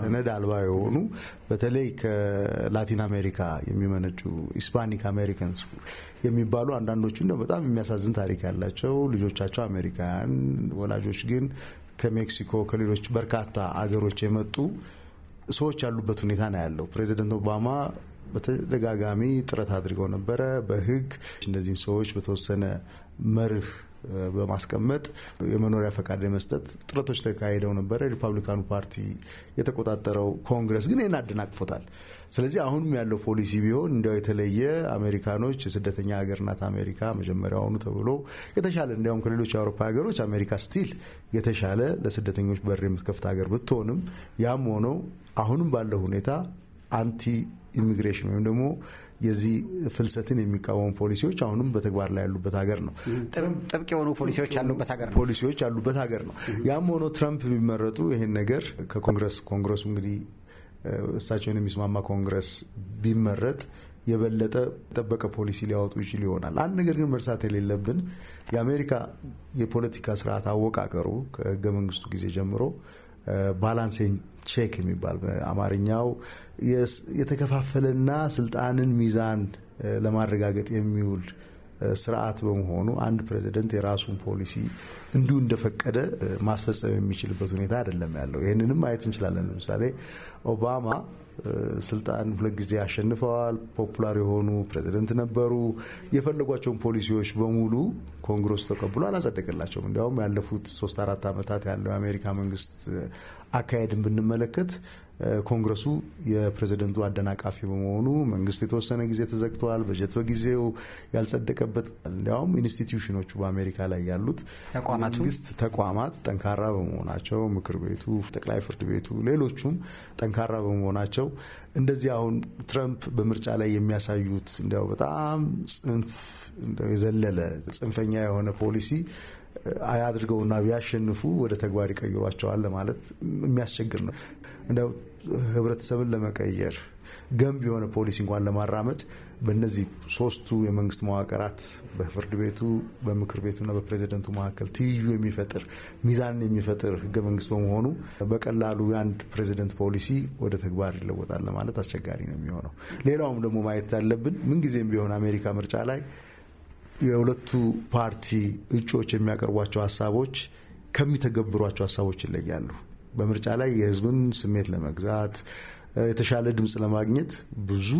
ሰነድ አልባ የሆኑ በተለይ ከላቲን አሜሪካ የሚመነጩ ሂስፓኒክ አሜሪካንስ የሚባሉ አንዳንዶቹ በጣም የሚያሳዝን ታሪክ ያላቸው ልጆቻቸው አሜሪካውያን ወላጆች ግን ከሜክሲኮ ከሌሎች በርካታ አገሮች የመጡ ሰዎች ያሉበት ሁኔታ ነው ያለው። ፕሬዚደንት ኦባማ በተደጋጋሚ ጥረት አድርገው ነበረ። በህግ እነዚህን ሰዎች በተወሰነ መርህ በማስቀመጥ የመኖሪያ ፈቃድ የመስጠት ጥረቶች ተካሂደው ነበረ። የሪፐብሊካኑ ፓርቲ የተቆጣጠረው ኮንግረስ ግን ይህን አደናቅፎታል። ስለዚህ አሁንም ያለው ፖሊሲ ቢሆን እንዲያው የተለየ አሜሪካኖች የስደተኛ ሀገር ናት አሜሪካ መጀመሪያውኑ ተብሎ የተሻለ እንዲያውም ከሌሎች የአውሮፓ ሀገሮች አሜሪካ ስቲል የተሻለ ለስደተኞች በር የምትከፍት ሀገር ብትሆንም ያም ሆነው አሁንም ባለው ሁኔታ አንቲ ኢሚግሬሽን ወይም ደግሞ የዚህ ፍልሰትን የሚቃወሙ ፖሊሲዎች አሁንም በተግባር ላይ ያሉበት ሀገር ነው። ጥብቅ የሆኑ ፖሊሲዎች ያሉበት ሀገር ነው። ፖሊሲዎች ያሉበት ሀገር ነው። ያም ሆኖ ትራምፕ ቢመረጡ ይሄን ነገር ከኮንግረስ ኮንግረሱ እንግዲህ እሳቸውን የሚስማማ ኮንግረስ ቢመረጥ የበለጠ ጠበቀ ፖሊሲ ሊያወጡ ይችል ይሆናል። አንድ ነገር ግን መርሳት የሌለብን የአሜሪካ የፖለቲካ ስርዓት አወቃቀሩ ከህገ መንግስቱ ጊዜ ጀምሮ ባላንሴን ቼክ የሚባል በአማርኛው የተከፋፈለና ስልጣንን ሚዛን ለማረጋገጥ የሚውል ስርዓት በመሆኑ አንድ ፕሬዚደንት የራሱን ፖሊሲ እንዲሁ እንደፈቀደ ማስፈጸም የሚችልበት ሁኔታ አይደለም ያለው። ይህንንም ማየት እንችላለን። ለምሳሌ ኦባማ ስልጣን ሁለት ጊዜ አሸንፈዋል። ፖፑላር የሆኑ ፕሬዚደንት ነበሩ። የፈለጓቸውን ፖሊሲዎች በሙሉ ኮንግረሱ ተቀብሎ አላጸደቀላቸውም። እንዲያውም ያለፉት ሶስት አራት ዓመታት ያለው የአሜሪካ መንግስት አካሄድን ብንመለከት ኮንግረሱ የፕሬዝደንቱ አደናቃፊ በመሆኑ መንግስት የተወሰነ ጊዜ ተዘግተዋል። በጀት በጊዜው ያልጸደቀበት እንዲያውም ኢንስቲትዩሽኖቹ በአሜሪካ ላይ ያሉት መንግስት ተቋማት ጠንካራ በመሆናቸው ምክር ቤቱ፣ ጠቅላይ ፍርድ ቤቱ፣ ሌሎቹም ጠንካራ በመሆናቸው እንደዚህ አሁን ትረምፕ በምርጫ ላይ የሚያሳዩት እንዲያው በጣም ጽንፍ የዘለለ ጽንፈኛ የሆነ ፖሊሲ አያድርገውና ቢያሸንፉ ወደ ተግባር ይቀይሯቸዋል ለማለት የሚያስቸግር ነው። እንደው ህብረተሰብን ለመቀየር ገንቢ የሆነ ፖሊሲ እንኳን ለማራመድ በእነዚህ ሶስቱ የመንግስት መዋቅራት በፍርድ ቤቱ፣ በምክር ቤቱና በፕሬዚደንቱ መካከል ትይዩ የሚፈጥር ሚዛንን የሚፈጥር ህገ መንግስት በመሆኑ በቀላሉ የአንድ ፕሬዚደንት ፖሊሲ ወደ ተግባር ይለወጣል ለማለት አስቸጋሪ ነው የሚሆነው። ሌላውም ደግሞ ማየት ያለብን ምንጊዜም ቢሆን አሜሪካ ምርጫ ላይ የሁለቱ ፓርቲ እጩዎች የሚያቀርቧቸው ሀሳቦች ከሚተገብሯቸው ሀሳቦች ይለያሉ። በምርጫ ላይ የህዝብን ስሜት ለመግዛት የተሻለ ድምፅ ለማግኘት ብዙ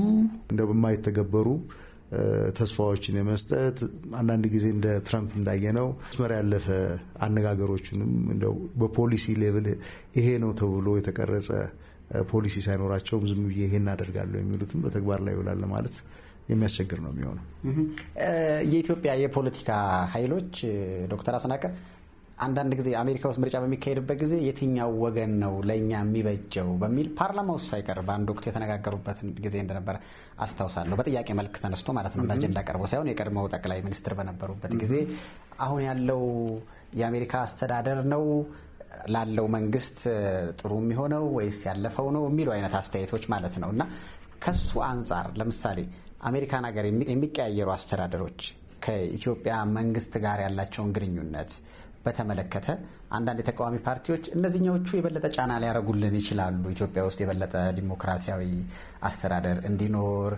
እንደማይተገበሩ ተስፋዎችን የመስጠት አንዳንድ ጊዜ እንደ ትረምፕ እንዳየነው መስመር ያለፈ አነጋገሮችንም እንደው በፖሊሲ ሌቭል ይሄ ነው ተብሎ የተቀረጸ ፖሊሲ ሳይኖራቸውም ዝም ብዬ ይሄ እናደርጋለሁ የሚሉትም በተግባር ላይ ይውላል ማለት የሚያስቸግር ነው የሚሆነው። የኢትዮጵያ የፖለቲካ ኃይሎች ዶክተር አስናቀ አንዳንድ ጊዜ አሜሪካ ውስጥ ምርጫ በሚካሄድበት ጊዜ የትኛው ወገን ነው ለእኛ የሚበጀው በሚል ፓርላማ ውስጥ ሳይቀር በአንድ ወቅት የተነጋገሩበት ጊዜ እንደነበረ አስታውሳለሁ። በጥያቄ መልክ ተነስቶ ማለት ነው እንደ አጀንዳ ቀርቦ ሳይሆን የቀድሞው ጠቅላይ ሚኒስትር በነበሩበት ጊዜ አሁን ያለው የአሜሪካ አስተዳደር ነው ላለው መንግስት ጥሩ የሚሆነው ወይስ ያለፈው ነው የሚሉ አይነት አስተያየቶች ማለት ነው እና ከሱ አንጻር ለምሳሌ አሜሪካን ሀገር የሚቀያየሩ አስተዳደሮች ከኢትዮጵያ መንግስት ጋር ያላቸውን ግንኙነት በተመለከተ አንዳንድ የተቃዋሚ ፓርቲዎች እነዚህኛዎቹ የበለጠ ጫና ሊያደርጉልን ይችላሉ፣ ኢትዮጵያ ውስጥ የበለጠ ዲሞክራሲያዊ አስተዳደር እንዲኖር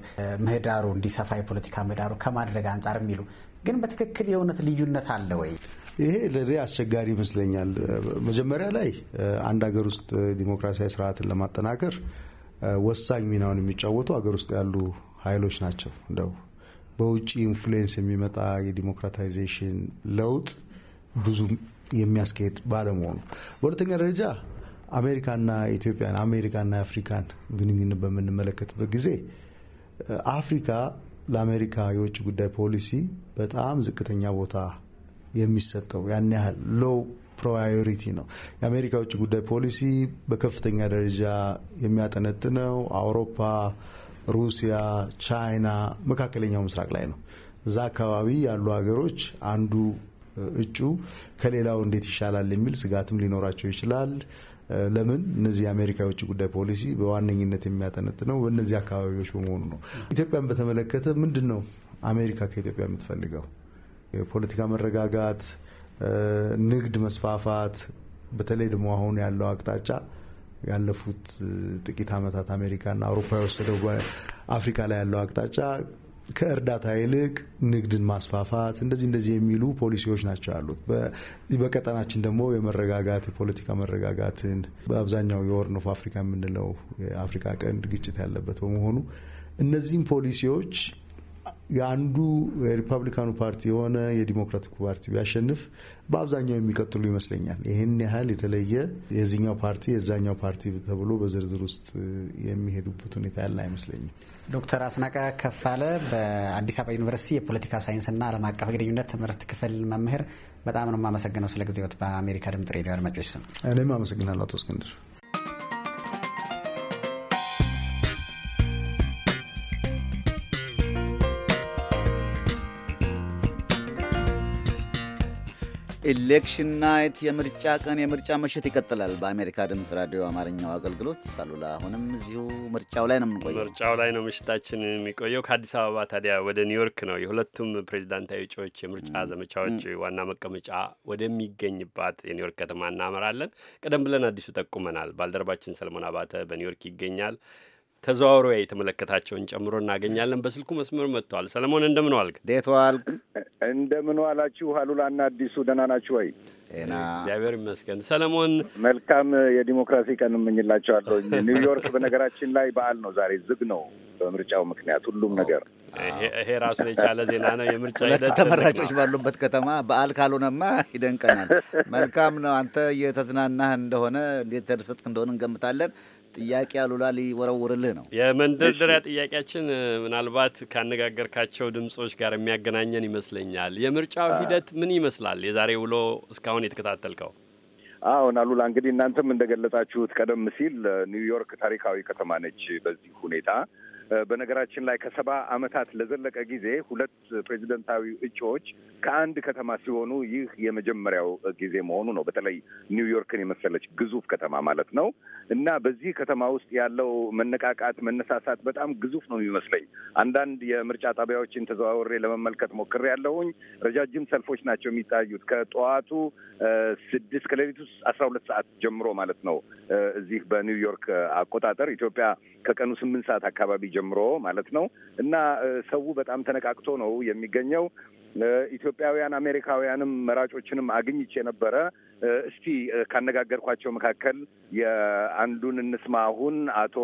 ምህዳሩ እንዲሰፋ የፖለቲካ ምህዳሩ ከማድረግ አንጻር የሚሉ ግን በትክክል የእውነት ልዩነት አለ ወይ? ይሄ ለእኔ አስቸጋሪ ይመስለኛል። መጀመሪያ ላይ አንድ ሀገር ውስጥ ዲሞክራሲያዊ ስርዓትን ለማጠናከር ወሳኝ ሚናውን የሚጫወቱ ሀገር ውስጥ ያሉ ኃይሎች ናቸው። እንደው በውጭ ኢንፍሉዌንስ የሚመጣ የዲሞክራታይዜሽን ለውጥ ብዙ የሚያስካሄድ ባለመሆኑ፣ በሁለተኛ ደረጃ አሜሪካና ኢትዮጵያን አሜሪካና አፍሪካን ግንኙነት በምንመለከትበት ጊዜ አፍሪካ ለአሜሪካ የውጭ ጉዳይ ፖሊሲ በጣም ዝቅተኛ ቦታ የሚሰጠው ያን ያህል ሎው ፕራዮሪቲ ነው። የአሜሪካ የውጭ ጉዳይ ፖሊሲ በከፍተኛ ደረጃ የሚያጠነጥነው አውሮፓ ሩሲያ፣ ቻይና፣ መካከለኛው ምስራቅ ላይ ነው። እዛ አካባቢ ያሉ ሀገሮች አንዱ እጩ ከሌላው እንዴት ይሻላል የሚል ስጋትም ሊኖራቸው ይችላል። ለምን እነዚህ የአሜሪካ የውጭ ጉዳይ ፖሊሲ በዋነኝነት የሚያጠነጥነው በእነዚህ አካባቢዎች በመሆኑ ነው። ኢትዮጵያን በተመለከተ ምንድን ነው አሜሪካ ከኢትዮጵያ የምትፈልገው? የፖለቲካ መረጋጋት፣ ንግድ መስፋፋት፣ በተለይ ደግሞ አሁን ያለው አቅጣጫ ያለፉት ጥቂት ዓመታት አሜሪካና አውሮፓ የወሰደው በአፍሪካ ላይ ያለው አቅጣጫ ከእርዳታ ይልቅ ንግድን ማስፋፋት እንደዚህ እንደዚህ የሚሉ ፖሊሲዎች ናቸው ያሉት። በቀጠናችን ደግሞ የመረጋጋት የፖለቲካ መረጋጋትን በአብዛኛው የሆርን ኦፍ አፍሪካ የምንለው የአፍሪካ ቀንድ ግጭት ያለበት በመሆኑ እነዚህም ፖሊሲዎች የአንዱ የሪፐብሊካኑ ፓርቲ የሆነ የዲሞክራቲኩ ፓርቲ ቢያሸንፍ በአብዛኛው የሚቀጥሉ ይመስለኛል። ይህን ያህል የተለየ የዚኛው ፓርቲ የዛኛው ፓርቲ ተብሎ በዝርዝር ውስጥ የሚሄዱበት ሁኔታ ያለ አይመስለኝም። ዶክተር አስናቀ ከፋለ በአዲስ አበባ ዩኒቨርሲቲ የፖለቲካ ሳይንስና ዓለም አቀፍ ግንኙነት ትምህርት ክፍል መምህር፣ በጣም ነው የማመሰግነው ስለ ጊዜዎት በአሜሪካ ድምጽ ሬዲዮ አድማጮች ስም እኔም አመሰግናለሁ አቶ እስክንድር። ኢሌክሽን ናይት የምርጫ ቀን የምርጫ ምሽት ይቀጥላል። በአሜሪካ ድምፅ ራዲዮ አማርኛው አገልግሎት ሳሉላ፣ አሁንም እዚሁ ምርጫው ላይ ነው የምንቆየው። ምርጫው ላይ ነው ምሽታችን የሚቆየው። ከአዲስ አበባ ታዲያ ወደ ኒውዮርክ ነው የሁለቱም ፕሬዚዳንታዊ እጩዎች የምርጫ ዘመቻዎች ዋና መቀመጫ ወደሚገኝባት የኒውዮርክ ከተማ እናመራለን። ቀደም ብለን አዲሱ ጠቁመናል። ባልደረባችን ሰለሞን አባተ በኒውዮርክ ይገኛል። ተዘዋውሮ የተመለከታቸውን ጨምሮ እናገኛለን። በስልኩ መስመር መጥተዋል። ሰለሞን እንደምን ዋልክ? እንዴት ዋልክ? እንደምን ዋላችሁ? አሉላና አዲሱ ደህና ናችሁ ወይ? እግዚአብሔር ይመስገን። ሰለሞን መልካም የዲሞክራሲ ቀን እመኝላቸዋለሁ። ኒውዮርክ በነገራችን ላይ በዓል ነው ዛሬ፣ ዝግ ነው በምርጫው ምክንያት ሁሉም ነገር። ይሄ ራሱን የቻለ ዜና ነው። የምርጫ ሁለት ተመራጮች ባሉበት ከተማ በዓል ካልሆነማ ይደንቀናል። መልካም ነው። አንተ እየተዝናናህ እንደሆነ እንዴት ተደሰጥክ እንደሆነ እንገምታለን። ጥያቄ አሉላ ሊወረውርልህ ነው። የመንደርደሪያ ጥያቄያችን ምናልባት ካነጋገርካቸው ድምጾች ጋር የሚያገናኘን ይመስለኛል። የምርጫው ሂደት ምን ይመስላል? የዛሬ ውሎ እስካሁን የተከታተልከው? አሁን አሉላ እንግዲህ እናንተም እንደገለጻችሁት ቀደም ሲል ኒውዮርክ ታሪካዊ ከተማ ነች። በዚህ ሁኔታ በነገራችን ላይ ከሰባ ዓመታት ለዘለቀ ጊዜ ሁለት ፕሬዚደንታዊ እጩዎች ከአንድ ከተማ ሲሆኑ ይህ የመጀመሪያው ጊዜ መሆኑ ነው። በተለይ ኒውዮርክን የመሰለች ግዙፍ ከተማ ማለት ነው እና በዚህ ከተማ ውስጥ ያለው መነቃቃት፣ መነሳሳት በጣም ግዙፍ ነው የሚመስለኝ። አንዳንድ የምርጫ ጣቢያዎችን ተዘዋውሬ ለመመልከት ያለውኝ ረጃጅም ሰልፎች ናቸው የሚታዩት ከጠዋቱ ስድስት ከሌሊቱ አስራ ሁለት ሰዓት ጀምሮ ማለት ነው እዚህ በኒውዮርክ አቆጣጠር ኢትዮጵያ ከቀኑ ስምንት ሰዓት አካባቢ ጀምሮ ማለት ነው እና ሰው በጣም ተነቃቅቶ ነው የሚገኘው። ኢትዮጵያውያን አሜሪካውያንም መራጮችንም አግኝቼ ነበረ። እስቲ ካነጋገርኳቸው መካከል የአንዱን እንስማ። አሁን አቶ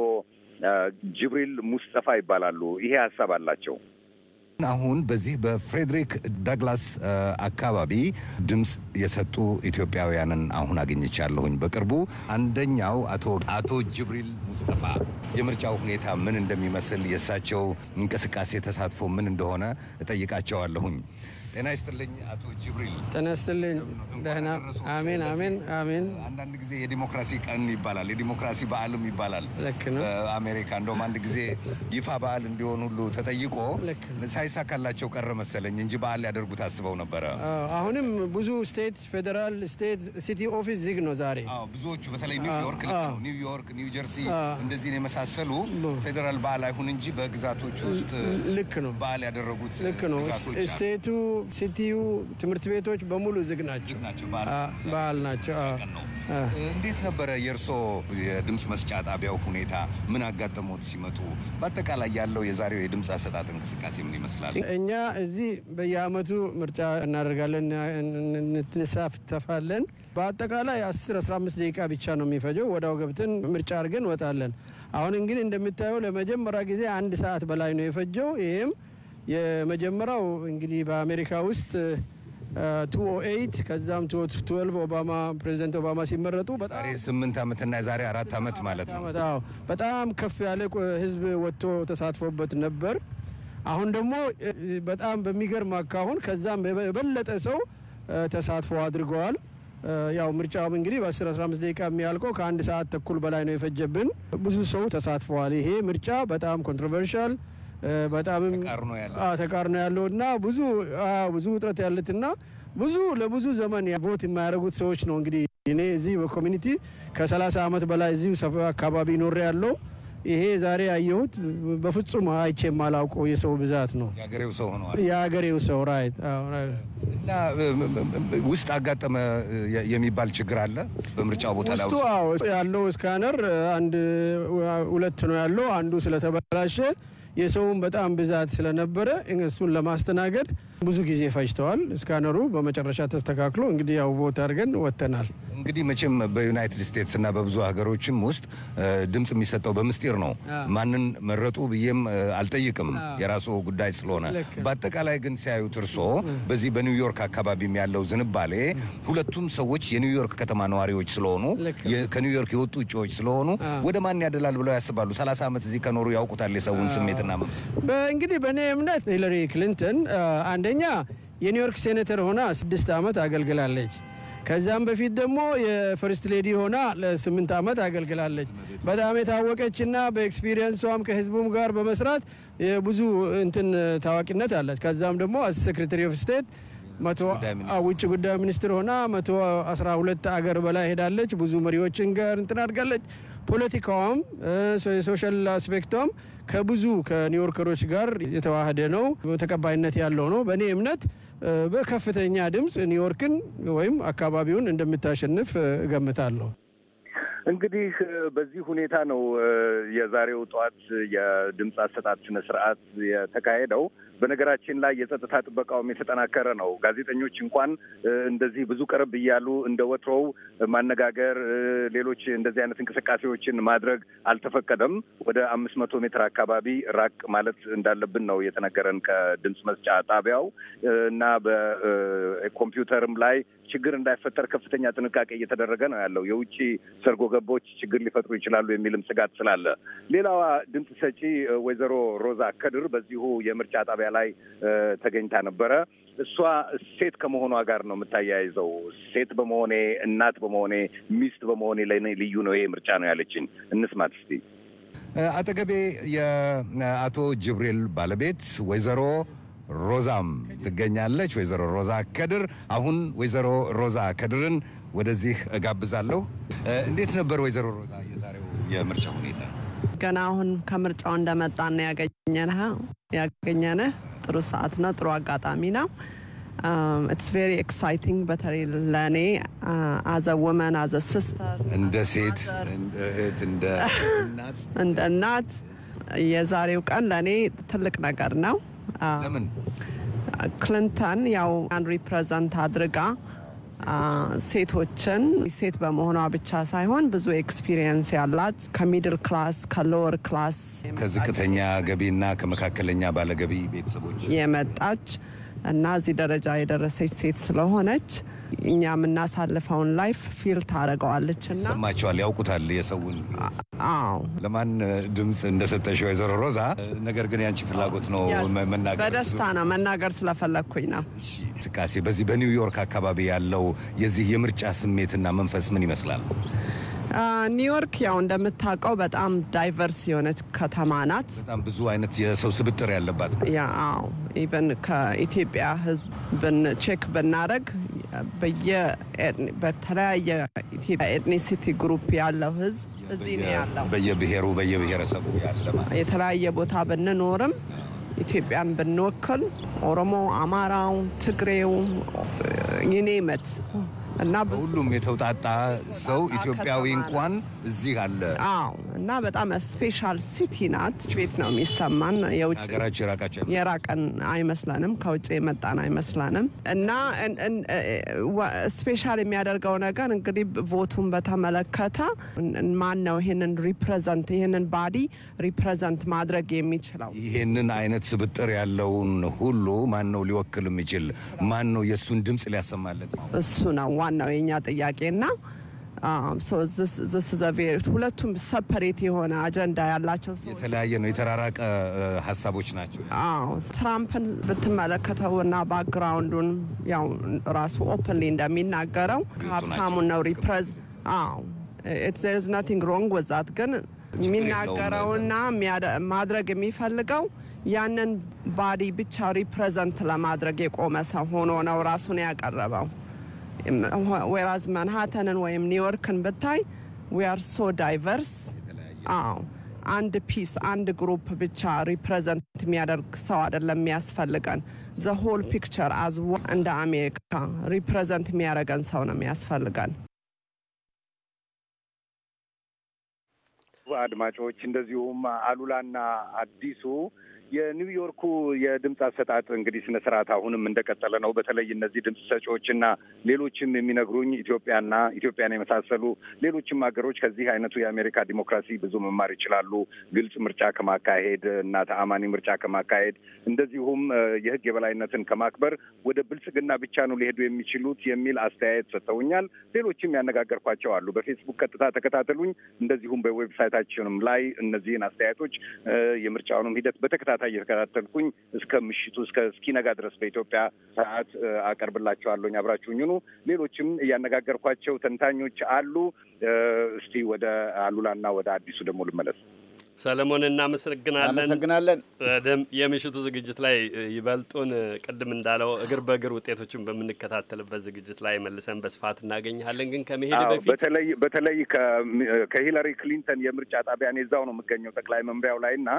ጅብሪል ሙስጠፋ ይባላሉ። ይሄ ሀሳብ አላቸው። አሁን በዚህ በፍሬድሪክ ዳግላስ አካባቢ ድምፅ የሰጡ ኢትዮጵያውያንን አሁን አግኝቻለሁኝ። በቅርቡ አንደኛው አቶ ጅብሪል ሙስጠፋ የምርጫው ሁኔታ ምን እንደሚመስል የእሳቸው እንቅስቃሴ ተሳትፎ ምን እንደሆነ እጠይቃቸዋለሁኝ። ጤና ይስጥልኝ አቶ ጅብሪል። ጤና ይስጥልኝ። ደህና አሜን፣ አሜን፣ አሜን። አንዳንድ ጊዜ የዲሞክራሲ ቀን ይባላል፣ የዲሞክራሲ በዓልም ይባላል። ልክ ነው። አሜሪካ እንደውም አንድ ጊዜ ይፋ በዓል እንዲሆን ሁሉ ተጠይቆ ሳይሳካላቸው ቀረ መሰለኝ እንጂ በዓል ሊያደርጉት አስበው ነበረ። አሁንም ብዙ ስቴት፣ ፌዴራል፣ ስቴት ሲቲ ኦፊስ ዝግ ነው ዛሬ። ብዙዎቹ በተለይ ኒውዮርክ፣ ኒውዮርክ፣ ኒው ጀርሲ እንደዚህ የመሳሰሉ ፌዴራል በዓል አይሁን እንጂ በግዛቶች ውስጥ ልክ ነው በዓል ያደረጉት ልክ ነው ስቴቱ ሲቲዩ ትምህርት ቤቶች በሙሉ ዝግ ናቸው፣ በዓል ናቸው። እንዴት ነበረ የእርሶ የድምፅ መስጫ ጣቢያው ሁኔታ? ምን አጋጠሞት ሲመጡ? በአጠቃላይ ያለው የዛሬው የድምፅ አሰጣጥ እንቅስቃሴ ምን ይመስላል? እኛ እዚህ በየአመቱ ምርጫ እናደርጋለን፣ እንሳተፋለን። በአጠቃላይ 10 15 ደቂቃ ብቻ ነው የሚፈጀው። ወዳው ገብተን ምርጫ አድርገን ወጣለን። አሁን እንግዲህ እንደምታየው ለመጀመሪያ ጊዜ አንድ ሰዓት በላይ ነው የፈጀው። ይህም የመጀመሪያው እንግዲህ በአሜሪካ ውስጥ 208 ከዛም 12 ኦባማ ፕሬዚደንት ኦባማ ሲመረጡ በጣም ስምንት ዓመትና የዛሬ አራት ዓመት ማለት ነው። በጣም ከፍ ያለ ህዝብ ወጥቶ ተሳትፎበት ነበር። አሁን ደግሞ በጣም በሚገርም አካሁን ከዛም የበለጠ ሰው ተሳትፎ አድርገዋል። ያው ምርጫውም እንግዲህ በ10-15 ደቂቃ የሚያልቀው ከአንድ ሰዓት ተኩል በላይ ነው የፈጀብን። ብዙ ሰው ተሳትፈዋል። ይሄ ምርጫ በጣም ኮንትሮቨርሻል በጣምም ተቃርኖ ያለው እና ብዙ ብዙ ውጥረት ያለት እና ብዙ ለብዙ ዘመን ቮት የማያደርጉት ሰዎች ነው። እንግዲህ እኔ እዚህ በኮሚኒቲ ከሰላሳ አመት ዓመት በላይ እዚሁ አካባቢ ኖር ያለው ይሄ ዛሬ ያየሁት በፍጹም አይቼ የማላውቀው የሰው ብዛት ነው። የአገሬው ሰው ሆነዋል። የአገሬው ሰው ራይት እና ውስጥ አጋጠመ የሚባል ችግር አለ በምርጫ ቦታ ላይ ውስጡ ያለው ስካነር አንድ ሁለት ነው ያለው አንዱ ስለተበላሸ የሰውን በጣም ብዛት ስለነበረ እሱን ለማስተናገድ ብዙ ጊዜ ፈጅተዋል። እስካነሩ በመጨረሻ ተስተካክሎ እንግዲህ ያው ቮት አድርገን ወጥተናል። እንግዲህ መቼም በዩናይትድ ስቴትስ እና በብዙ ሀገሮችም ውስጥ ድምፅ የሚሰጠው በምስጢር ነው። ማንን መረጡ ብዬም አልጠይቅም የራሱ ጉዳይ ስለሆነ፣ በአጠቃላይ ግን ሲያዩት እርሶ በዚህ በኒውዮርክ አካባቢም ያለው ዝንባሌ ሁለቱም ሰዎች የኒውዮርክ ከተማ ነዋሪዎች ስለሆኑ ከኒውዮርክ የወጡ እጩዎች ስለሆኑ ወደ ማን ያደላል ብለው ያስባሉ? ሰላሳ ዓመት እዚህ ከኖሩ ያውቁታል የሰውን ስሜትና እንግዲህ በእኔ እምነት ሂለሪ ክሊንተን አንደኛ የኒውዮርክ ሴኔተር ሆና ስድስት ዓመት አገልግላለች። ከዛም በፊት ደግሞ የፈርስት ሌዲ ሆና ለስምንት ዓመት አገልግላለች። በጣም የታወቀች ና በኤክስፒሪየንሷም ከህዝቡም ጋር በመስራት ብዙ እንትን ታዋቂነት አለች ከዛም ደግሞ ሴክሬታሪ ኦፍ ስቴት ውጭ ጉዳይ ሚኒስትር ሆና መቶ አስራ ሁለት አገር በላይ ሄዳለች። ብዙ መሪዎችን ጋር እንትን ፖለቲካዋም የሶሻል አስፔክቷም ከብዙ ከኒውዮርከሮች ጋር የተዋህደ ነው፣ ተቀባይነት ያለው ነው። በእኔ እምነት በከፍተኛ ድምፅ ኒውዮርክን ወይም አካባቢውን እንደምታሸንፍ እገምታለሁ። እንግዲህ በዚህ ሁኔታ ነው የዛሬው ጠዋት የድምፅ አሰጣት ስነ ስርዓት የተካሄደው። በነገራችን ላይ የጸጥታ ጥበቃውም የተጠናከረ ነው። ጋዜጠኞች እንኳን እንደዚህ ብዙ ቀረብ እያሉ እንደ ወትሮው ማነጋገር፣ ሌሎች እንደዚህ አይነት እንቅስቃሴዎችን ማድረግ አልተፈቀደም። ወደ አምስት መቶ ሜትር አካባቢ ራቅ ማለት እንዳለብን ነው የተነገረን ከድምፅ መስጫ ጣቢያው እና በኮምፒውተርም ላይ ችግር እንዳይፈጠር ከፍተኛ ጥንቃቄ እየተደረገ ነው ያለው። የውጭ ሰርጎ ገቦች ችግር ሊፈጥሩ ይችላሉ የሚልም ስጋት ስላለ፣ ሌላዋ ድምፅ ሰጪ ወይዘሮ ሮዛ ከድር በዚሁ የምርጫ ጣቢያ ላይ ተገኝታ ነበረ። እሷ ሴት ከመሆኗ ጋር ነው የምታያይዘው። ሴት በመሆኔ እናት በመሆኔ ሚስት በመሆኔ ለእኔ ልዩ ነው ይሄ ምርጫ ነው ያለችኝ። እንስማት እስቲ። አጠገቤ የአቶ ጅብሪል ባለቤት ወይዘሮ ሮዛም ትገኛለች። ወይዘሮ ሮዛ ከድር። አሁን ወይዘሮ ሮዛ ከድርን ወደዚህ እጋብዛለሁ። እንዴት ነበር ወይዘሮ ሮዛ የዛሬው የምርጫ ሁኔታ? ገና አሁን ከምርጫው እንደመጣን ያገኘንህ ያገኘንህ ጥሩ ሰዓት ነው፣ ጥሩ አጋጣሚ ነው። ኢትስ ቬሪ ኤክሳይቲንግ በተለይ ለእኔ አዘ ወመን አዘ ሲስተር፣ እንደ ሴት እህት፣ እንደ እናት እንደ እናት የዛሬው ቀን ለእኔ ትልቅ ነገር ነው። ለምን ክሊንተን ያው አንድ ሪፕሬዘንት አድርጋ ሴቶችን ሴት በመሆኗ ብቻ ሳይሆን ብዙ ኤክስፒሪየንስ ያላት ከሚድል ክላስ ከሎወር ክላስ ከዝቅተኛ ገቢና ከመካከለኛ ባለገቢ ቤተሰቦች የመጣች እና እዚህ ደረጃ የደረሰች ሴት ስለሆነች እኛ የምናሳልፈውን ላይፍ ፊል ታደረገዋለች ና ሰማቸዋል፣ ያውቁታል የሰውን። አዎ ለማን ድምፅ እንደሰጠሽ ወይዘሮ ሮዛ። ነገር ግን ያንቺ ፍላጎት ነው መናገር። በደስታ ነው መናገር ስለፈለግኩኝ ነው። እንቅስቃሴ በዚህ በኒውዮርክ አካባቢ ያለው የዚህ የምርጫ ስሜትና መንፈስ ምን ይመስላል? ኒውዮርክ ያው እንደምታውቀው በጣም ዳይቨርስ የሆነች ከተማ ናት። በጣም ብዙ አይነት የሰው ስብጥር ያለባት ያው ኢቨን ከኢትዮጵያ ሕዝብ ቼክ ብናደረግ በተለያየ ኢትዮጵያ ኤትኒሲቲ ግሩፕ ያለው ሕዝብ እዚህ ነው ያለው። በየብሔሩ በየብሔረሰቡ ያለ የተለያየ ቦታ ብንኖርም ኢትዮጵያን ብንወክል ኦሮሞ፣ አማራው፣ ትግሬው ይኔመት እና ሁሉም የተውጣጣ ሰው ኢትዮጵያዊ እንኳን እዚህ አለ። አዎ። እና በጣም ስፔሻል ሲቲ ናት። ቤት ነው የሚሰማን። የውጭ ሀገራችን የራቀን አይመስለንም፣ ከውጭ የመጣን አይመስለንም። እና ስፔሻል የሚያደርገው ነገር እንግዲህ ቮቱን በተመለከተ ማን ነው ይህንን ሪፕሬዘንት ይህንን ባዲ ሪፕሬዘንት ማድረግ የሚችለው ይህንን አይነት ስብጥር ያለውን ሁሉ ማን ነው ሊወክል የሚችል ማን ነው የእሱን ድምፅ ሊያሰማለት እሱ ነው ዋናው የኛ ጥያቄና um, ሁለቱም ሰፐሬት የሆነ አጀንዳ ያላቸው የተለያየ ነው። የተራራቀ uh, ሀሳቦች ናቸው። አዎ ትራምፕን ብትመለከተውና ባክግራውንዱን ያው ራሱ ኦፕንሊ እንደሚናገረው ሀብታሙ ነው ሪፕሬዝ ኢትስ ሮንግ ወዛት ግን የሚናገረውና ማድረግ የሚፈልገው ያንን ባዲ ብቻ ሪፕሬዘንት ለማድረግ የቆመ ሰው ሆኖ ነው ራሱን ያቀረበው። ዌራዝ መንሃተንን ወይም ኒውዮርክን ብታይ ዊአር ሶ ዳይቨርስ። አዎ አንድ ፒስ አንድ ግሩፕ ብቻ ሪፕሬዘንት የሚያደርግ ሰው አይደለም የሚያስፈልገን። ዘ ሆል ፒክቸር አዝ እንደ አሜሪካ ሪፕሬዘንት የሚያደርገን ሰው ነው የሚያስፈልገን። አድማጮች እንደዚሁም አሉላና አዲሱ የኒውዮርኩ የድምፅ አሰጣጥ እንግዲህ ስነ ስርዓት አሁንም እንደቀጠለ ነው። በተለይ እነዚህ ድምፅ ሰጪዎችና ሌሎችም የሚነግሩኝ ኢትዮጵያና ኢትዮጵያን የመሳሰሉ ሌሎችም ሀገሮች ከዚህ አይነቱ የአሜሪካ ዲሞክራሲ ብዙ መማር ይችላሉ። ግልጽ ምርጫ ከማካሄድ እና ተአማኒ ምርጫ ከማካሄድ እንደዚሁም የህግ የበላይነትን ከማክበር ወደ ብልጽግና ብቻ ነው ሊሄዱ የሚችሉት የሚል አስተያየት ሰጥተውኛል። ሌሎችም ያነጋገርኳቸው አሉ። በፌስቡክ ቀጥታ ተከታተሉኝ። እንደዚሁም በዌብሳይታችንም ላይ እነዚህን አስተያየቶች የምርጫውንም ሂደት በተከታ በእርጋታ እየተከታተልኩኝ እስከ ምሽቱ እስከ እስኪነጋ ድረስ በኢትዮጵያ ሰዓት አቀርብላቸዋለሁኝ። አብራችሁኝ ኑ። ሌሎችም እያነጋገርኳቸው ተንታኞች አሉ። እስቲ ወደ አሉላና ወደ አዲሱ ደግሞ ልመለስ። ሰለሞን እናመሰግናለን። በደም የምሽቱ ዝግጅት ላይ ይበልጡን ቅድም እንዳለው እግር በእግር ውጤቶችን በምንከታተልበት ዝግጅት ላይ መልሰን በስፋት እናገኝሃለን። ግን ከመሄድ በፊት በተለይ ክሊንተን የምርጫ ጣቢያ እኔ እዛው ነው የምገኘው ጠቅላይ መምሪያው ላይ እና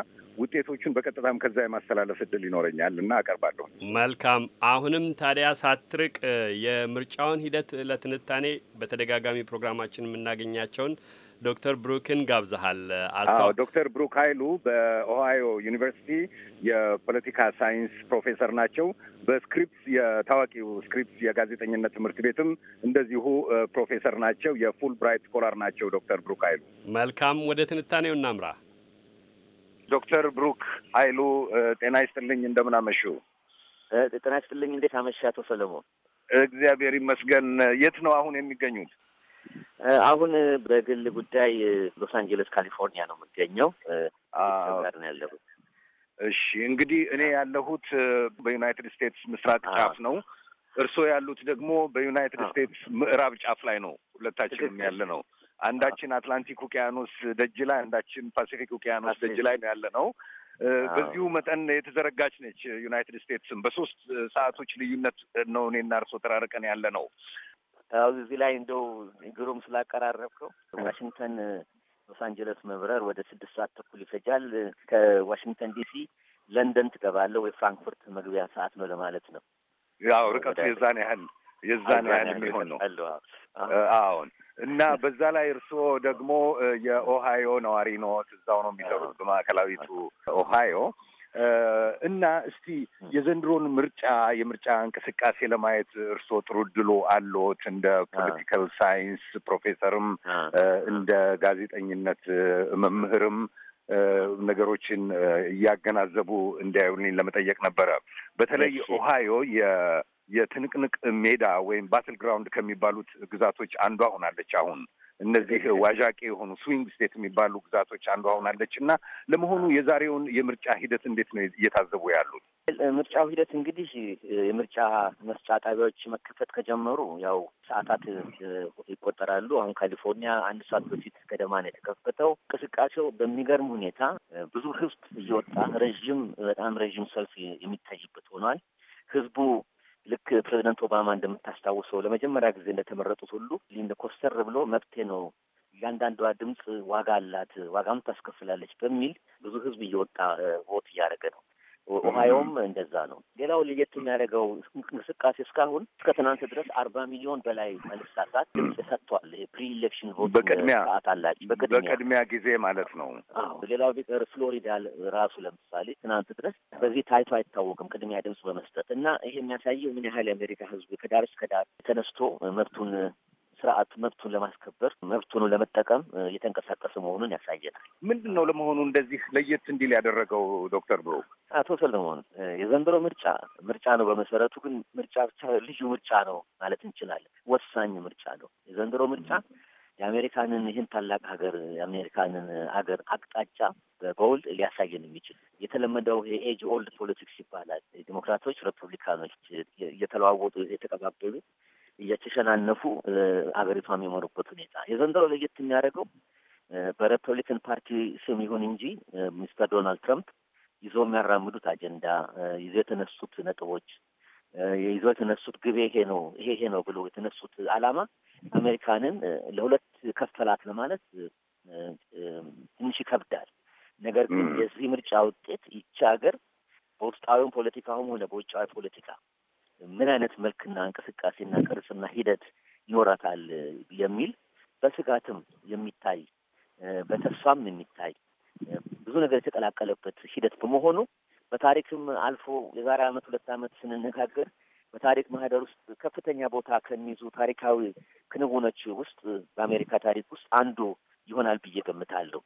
ውጤቶቹን በቀጥታም ከዛ የማስተላለፍ እድል ይኖረኛል እና አቀርባለሁ። መልካም። አሁንም ታዲያ ሳትርቅ የምርጫውን ሂደት ለትንታኔ በተደጋጋሚ ፕሮግራማችን የምናገኛቸውን ዶክተር ብሩክን ጋብዘሃል። አስታው ዶክተር ብሩክ ኃይሉ በኦሃዮ ዩኒቨርሲቲ የፖለቲካ ሳይንስ ፕሮፌሰር ናቸው። በስክሪፕስ የታዋቂው ስክሪፕስ የጋዜጠኝነት ትምህርት ቤትም እንደዚሁ ፕሮፌሰር ናቸው። የፉል ብራይት ስኮላር ናቸው ዶክተር ብሩክ ኃይሉ። መልካም፣ ወደ ትንታኔው እናምራ። ዶክተር ብሩክ ኃይሉ ጤና ይስጥልኝ፣ እንደምን አመሹ? ጤና ይስጥልኝ። እንዴት አመሻ አቶ ሰለሞን? እግዚአብሔር ይመስገን። የት ነው አሁን የሚገኙት? አሁን በግል ጉዳይ ሎስ አንጀለስ ካሊፎርኒያ ነው የምገኘው። ጋር ነው ያለሁት። እሺ እንግዲህ እኔ ያለሁት በዩናይትድ ስቴትስ ምስራቅ ጫፍ ነው። እርስዎ ያሉት ደግሞ በዩናይትድ ስቴትስ ምዕራብ ጫፍ ላይ ነው። ሁለታችንም ያለ ነው። አንዳችን አትላንቲክ ውቅያኖስ ደጅ ላይ፣ አንዳችን ፓሲፊክ ውቅያኖስ ደጅ ላይ ነው ያለ ነው። በዚሁ መጠን የተዘረጋች ነች ዩናይትድ ስቴትስም። በሶስት ሰዓቶች ልዩነት ነው እኔና እርስዎ ተራርቀን ያለ ነው። እዚህ ላይ እንደው ግሩም ስላቀራረብከው ዋሽንግተን ሎስ አንጀለስ መብረር ወደ ስድስት ሰዓት ተኩል ይፈጃል። ከዋሽንግተን ዲሲ ለንደን ትገባለህ ወይ ፍራንክፉርት መግቢያ ሰዓት ነው ለማለት ነው። ያው ርቀቱ የዛን ያህል የዛን ያህል የሚሆን ነው። አዎን። እና በዛ ላይ እርስዎ ደግሞ የኦሃዮ ነዋሪ ነዎት፣ እዛው ነው የሚሰሩት በማዕከላዊቱ ኦሃዮ እና እስቲ የዘንድሮን ምርጫ የምርጫ እንቅስቃሴ ለማየት እርስዎ ጥሩ ድሎ አለዎት። እንደ ፖለቲካል ሳይንስ ፕሮፌሰርም እንደ ጋዜጠኝነት መምህርም ነገሮችን እያገናዘቡ እንዲያዩልኝ ለመጠየቅ ነበረ። በተለይ ኦሃዮ የትንቅንቅ ሜዳ ወይም ባትል ግራውንድ ከሚባሉት ግዛቶች አንዷ ሆናለች አሁን እነዚህ ዋዣቂ የሆኑ ስዊንግ ስቴት የሚባሉ ግዛቶች አሁን አለች እና ለመሆኑ የዛሬውን የምርጫ ሂደት እንዴት ነው እየታዘቡ ያሉት? ምርጫው ሂደት እንግዲህ የምርጫ መስጫ ጣቢያዎች መከፈት ከጀመሩ ያው ሰዓታት ይቆጠራሉ። አሁን ካሊፎርኒያ አንድ ሰዓት በፊት ገደማ ነው የተከፈተው። እንቅስቃሴው በሚገርም ሁኔታ ብዙ ህዝብ እየወጣ ረዥም በጣም ረዥም ሰልፍ የሚታይበት ሆኗል። ህዝቡ ልክ ፕሬዚደንት ኦባማ እንደምታስታውሰው ለመጀመሪያ ጊዜ እንደተመረጡት ሁሉ ሊን ኮስተር ብሎ መብቴ ነው እያንዳንዷ ድምፅ ዋጋ አላት፣ ዋጋም ታስከፍላለች በሚል ብዙ ህዝብ እየወጣ ቮት እያደረገ ነው። ኦሃዮም እንደዛ ነው። ሌላው ለየት የሚያደርገው እንቅስቃሴ እስካሁን እስከ ትናንት ድረስ አርባ ሚሊዮን በላይ ባለስልጣናት ድምጽ ሰጥቷል። ይሄ ፕሪ ኢሌክሽን ቮት በቅድሚያ ሰዓት አላቸው። በቅድሚያ ጊዜ ማለት ነው። አዎ ሌላው ቢቀር ፍሎሪዳ ራሱ ለምሳሌ ትናንት ድረስ በዚህ ታይቶ አይታወቅም ቅድሚያ ድምጽ በመስጠት እና ይሄ የሚያሳየው ምን ያህል የአሜሪካ ህዝብ ከዳር እስከ ዳር ተነስቶ መብቱን ስርዓት መብቱን ለማስከበር መብቱን ለመጠቀም እየተንቀሳቀሰ መሆኑን ያሳየናል። ምንድን ነው ለመሆኑ እንደዚህ ለየት እንዲል ያደረገው ዶክተር ብሩ አቶ ሰለሞን የዘንድሮ ምርጫ ምርጫ ነው። በመሰረቱ ግን ምርጫ ብቻ ልዩ ምርጫ ነው ማለት እንችላለን። ወሳኝ ምርጫ ነው የዘንድሮ ምርጫ የአሜሪካንን ይህን ታላቅ ሀገር የአሜሪካንን ሀገር አቅጣጫ በጎልድ ሊያሳየን የሚችል የተለመደው የኤጅ ኦልድ ፖለቲክስ ይባላል። ዲሞክራቶች፣ ሪፐብሊካኖች እየተለዋወጡ የተቀባበሉ እየተሸናነፉ አገሪቷ የመሩበት ሁኔታ የዘንድሮ ለየት የሚያደርገው በሪፐብሊካን ፓርቲ ስም ይሁን እንጂ ሚስተር ዶናልድ ትራምፕ ይዞ የሚያራምዱት አጀንዳ ይዞ የተነሱት ነጥቦች ይዞ የተነሱት ግብ ይሄ ነው ይሄ ይሄ ነው ብሎ የተነሱት አላማ አሜሪካንን ለሁለት ከፈላት ለማለት ትንሽ ይከብዳል። ነገር ግን የዚህ ምርጫ ውጤት ይቺ ሀገር በውስጣዊም ፖለቲካውም ሆነ በውጫዊ ፖለቲካ ምን አይነት መልክና እንቅስቃሴና ቅርጽና ሂደት ይኖራታል የሚል በስጋትም የሚታይ በተስፋም የሚታይ ብዙ ነገር የተቀላቀለበት ሂደት በመሆኑ በታሪክም አልፎ የዛሬ አመት ሁለት ዓመት ስንነጋገር በታሪክ ማህደር ውስጥ ከፍተኛ ቦታ ከሚይዙ ታሪካዊ ክንውኖች ውስጥ በአሜሪካ ታሪክ ውስጥ አንዱ ይሆናል ብዬ ገምታለሁ።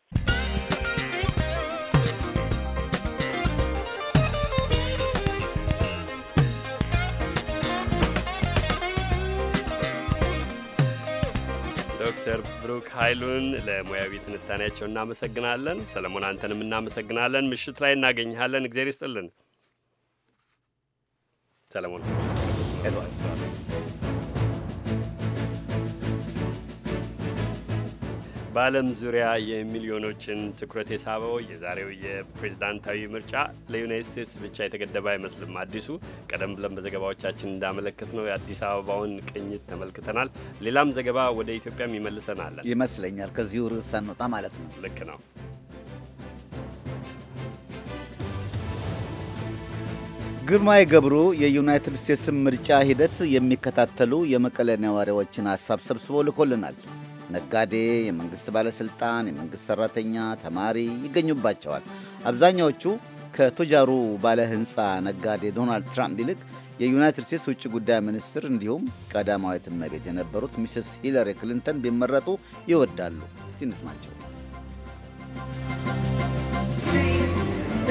ዶክተር ብሩክ ኃይሉን ለሙያዊ ትንታኔያቸው እናመሰግናለን። ሰለሞን አንተንም እናመሰግናለን። ምሽት ላይ እናገኝሃለን። እግዜር ይስጥልን ሰለሞን። በዓለም ዙሪያ የሚሊዮኖችን ትኩረት የሳበው የዛሬው የፕሬዝዳንታዊ ምርጫ ለዩናይት ስቴትስ ብቻ የተገደበ አይመስልም። አዲሱ ቀደም ብለን በዘገባዎቻችን እንዳመለከት ነው የአዲስ አበባውን ቅኝት ተመልክተናል። ሌላም ዘገባ ወደ ኢትዮጵያም ይመልሰናል ይመስለኛል። ከዚሁ ርዕስ ሳንወጣ ማለት ነው። ልክ ነው። ግርማይ ገብሩ የዩናይትድ ስቴትስን ምርጫ ሂደት የሚከታተሉ የመቀለ ነዋሪዎችን ሀሳብ ሰብስቦ ልኮልናል። ነጋዴ፣ የመንግሥት ባለሥልጣን፣ የመንግሥት ሠራተኛ፣ ተማሪ ይገኙባቸዋል። አብዛኛዎቹ ከቱጃሩ ባለ ሕንፃ ነጋዴ ዶናልድ ትራምፕ ይልቅ የዩናይትድ ስቴትስ ውጭ ጉዳይ ሚኒስትር እንዲሁም ቀዳማዊት እመቤት የነበሩት ሚስስ ሂለሪ ክሊንተን ቢመረጡ ይወዳሉ። እስቲ እንስማቸው።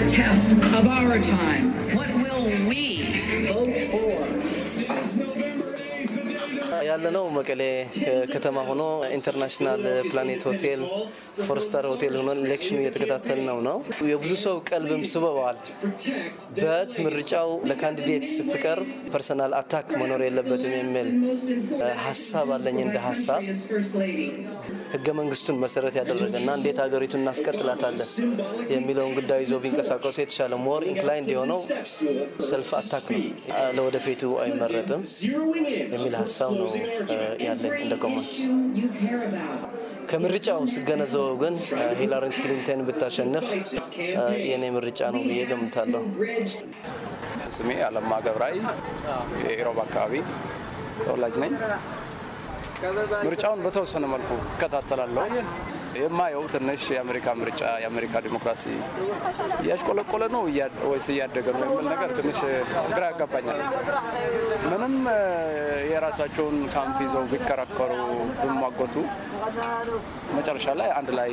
The test of our time. What will we ያለነው መቀሌ ከተማ ሆኖ ኢንተርናሽናል ፕላኔት ሆቴል ፎርስታር ሆቴል ሆኖ ኢሌክሽኑ እየተከታተል ነው ነው የብዙ ሰው ቀልብም ስበዋል። በት ምርጫው ለካንዲዴት ስትቀርብ ፐርሰናል አታክ መኖር የለበትም የሚል ሀሳብ አለኝ እንደ ሀሳብ ህገ መንግስቱን መሰረት ያደረገ እና እንዴት ሀገሪቱን እናስቀጥላታለን የሚለውን ጉዳይ ይዞ ቢንቀሳቀሱ የተሻለ ሞር ኢንክላይንድ የሆነው ሰልፍ አታክ ነው፣ ለወደፊቱ አይመረጥም የሚል ሀሳብ ነው ያለን እንደ ኮማንስ። ከምርጫው ስገነዘበው ግን ሂላሪ ክሊንተን ብታሸንፍ የእኔ ምርጫ ነው ብዬ ገምታለሁ። ስሜ አለማ ገብራይ የኢሮብ አካባቢ ተወላጅ ነኝ። ምርጫውን በተወሰነ መልኩ እከታተላለሁ። የማየው ትንሽ የአሜሪካ ምርጫ የአሜሪካ ዲሞክራሲ እያሽቆለቆለ ነው ወይስ እያደገ ነው የሚል ነገር ትንሽ ግራ ያጋባኛል። ምንም የራሳቸውን ካምፕ ይዘው ቢከራከሩ ቢሟገቱ መጨረሻ ላይ አንድ ላይ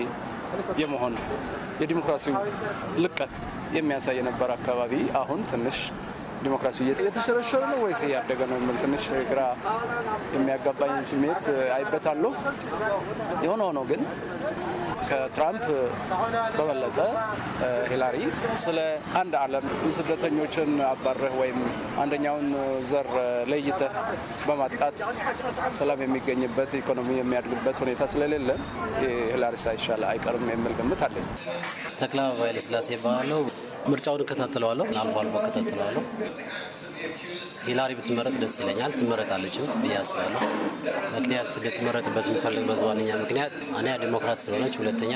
የመሆን የዲሞክራሲው ልቀት የሚያሳይ የነበረ አካባቢ አሁን ትንሽ ዲሞክራሲ እየተሸረሸረ ነው ወይስ እያደገ ነው የሚል ትንሽ ግራ የሚያጋባኝ ስሜት አይበታለሁ። የሆነ ሆኖ ግን ከትራምፕ በበለጠ ሂላሪ ስለ አንድ ዓለም ስደተኞችን አባረህ ወይም አንደኛውን ዘር ለይተህ በማጥቃት ሰላም የሚገኝበት ኢኮኖሚ የሚያድግበት ሁኔታ ስለሌለ ሂላሪ ሳይሻል አይቀርም የሚል ግምት አለኝ። ተክለአብ ኃይለሥላሴ ባለው ምርጫውን እከታተለዋለሁ፣ አልፎ አልፎ እከታተለዋለሁ። ሂላሪ ብትመረጥ ደስ ይለኛል። ትመረጣለችም ብዬ አስባለሁ። ምክንያት ልትመረጥበት የምፈልግበት ዋነኛ ምክንያት አንያ ዲሞክራት ስለሆነች፣ ሁለተኛ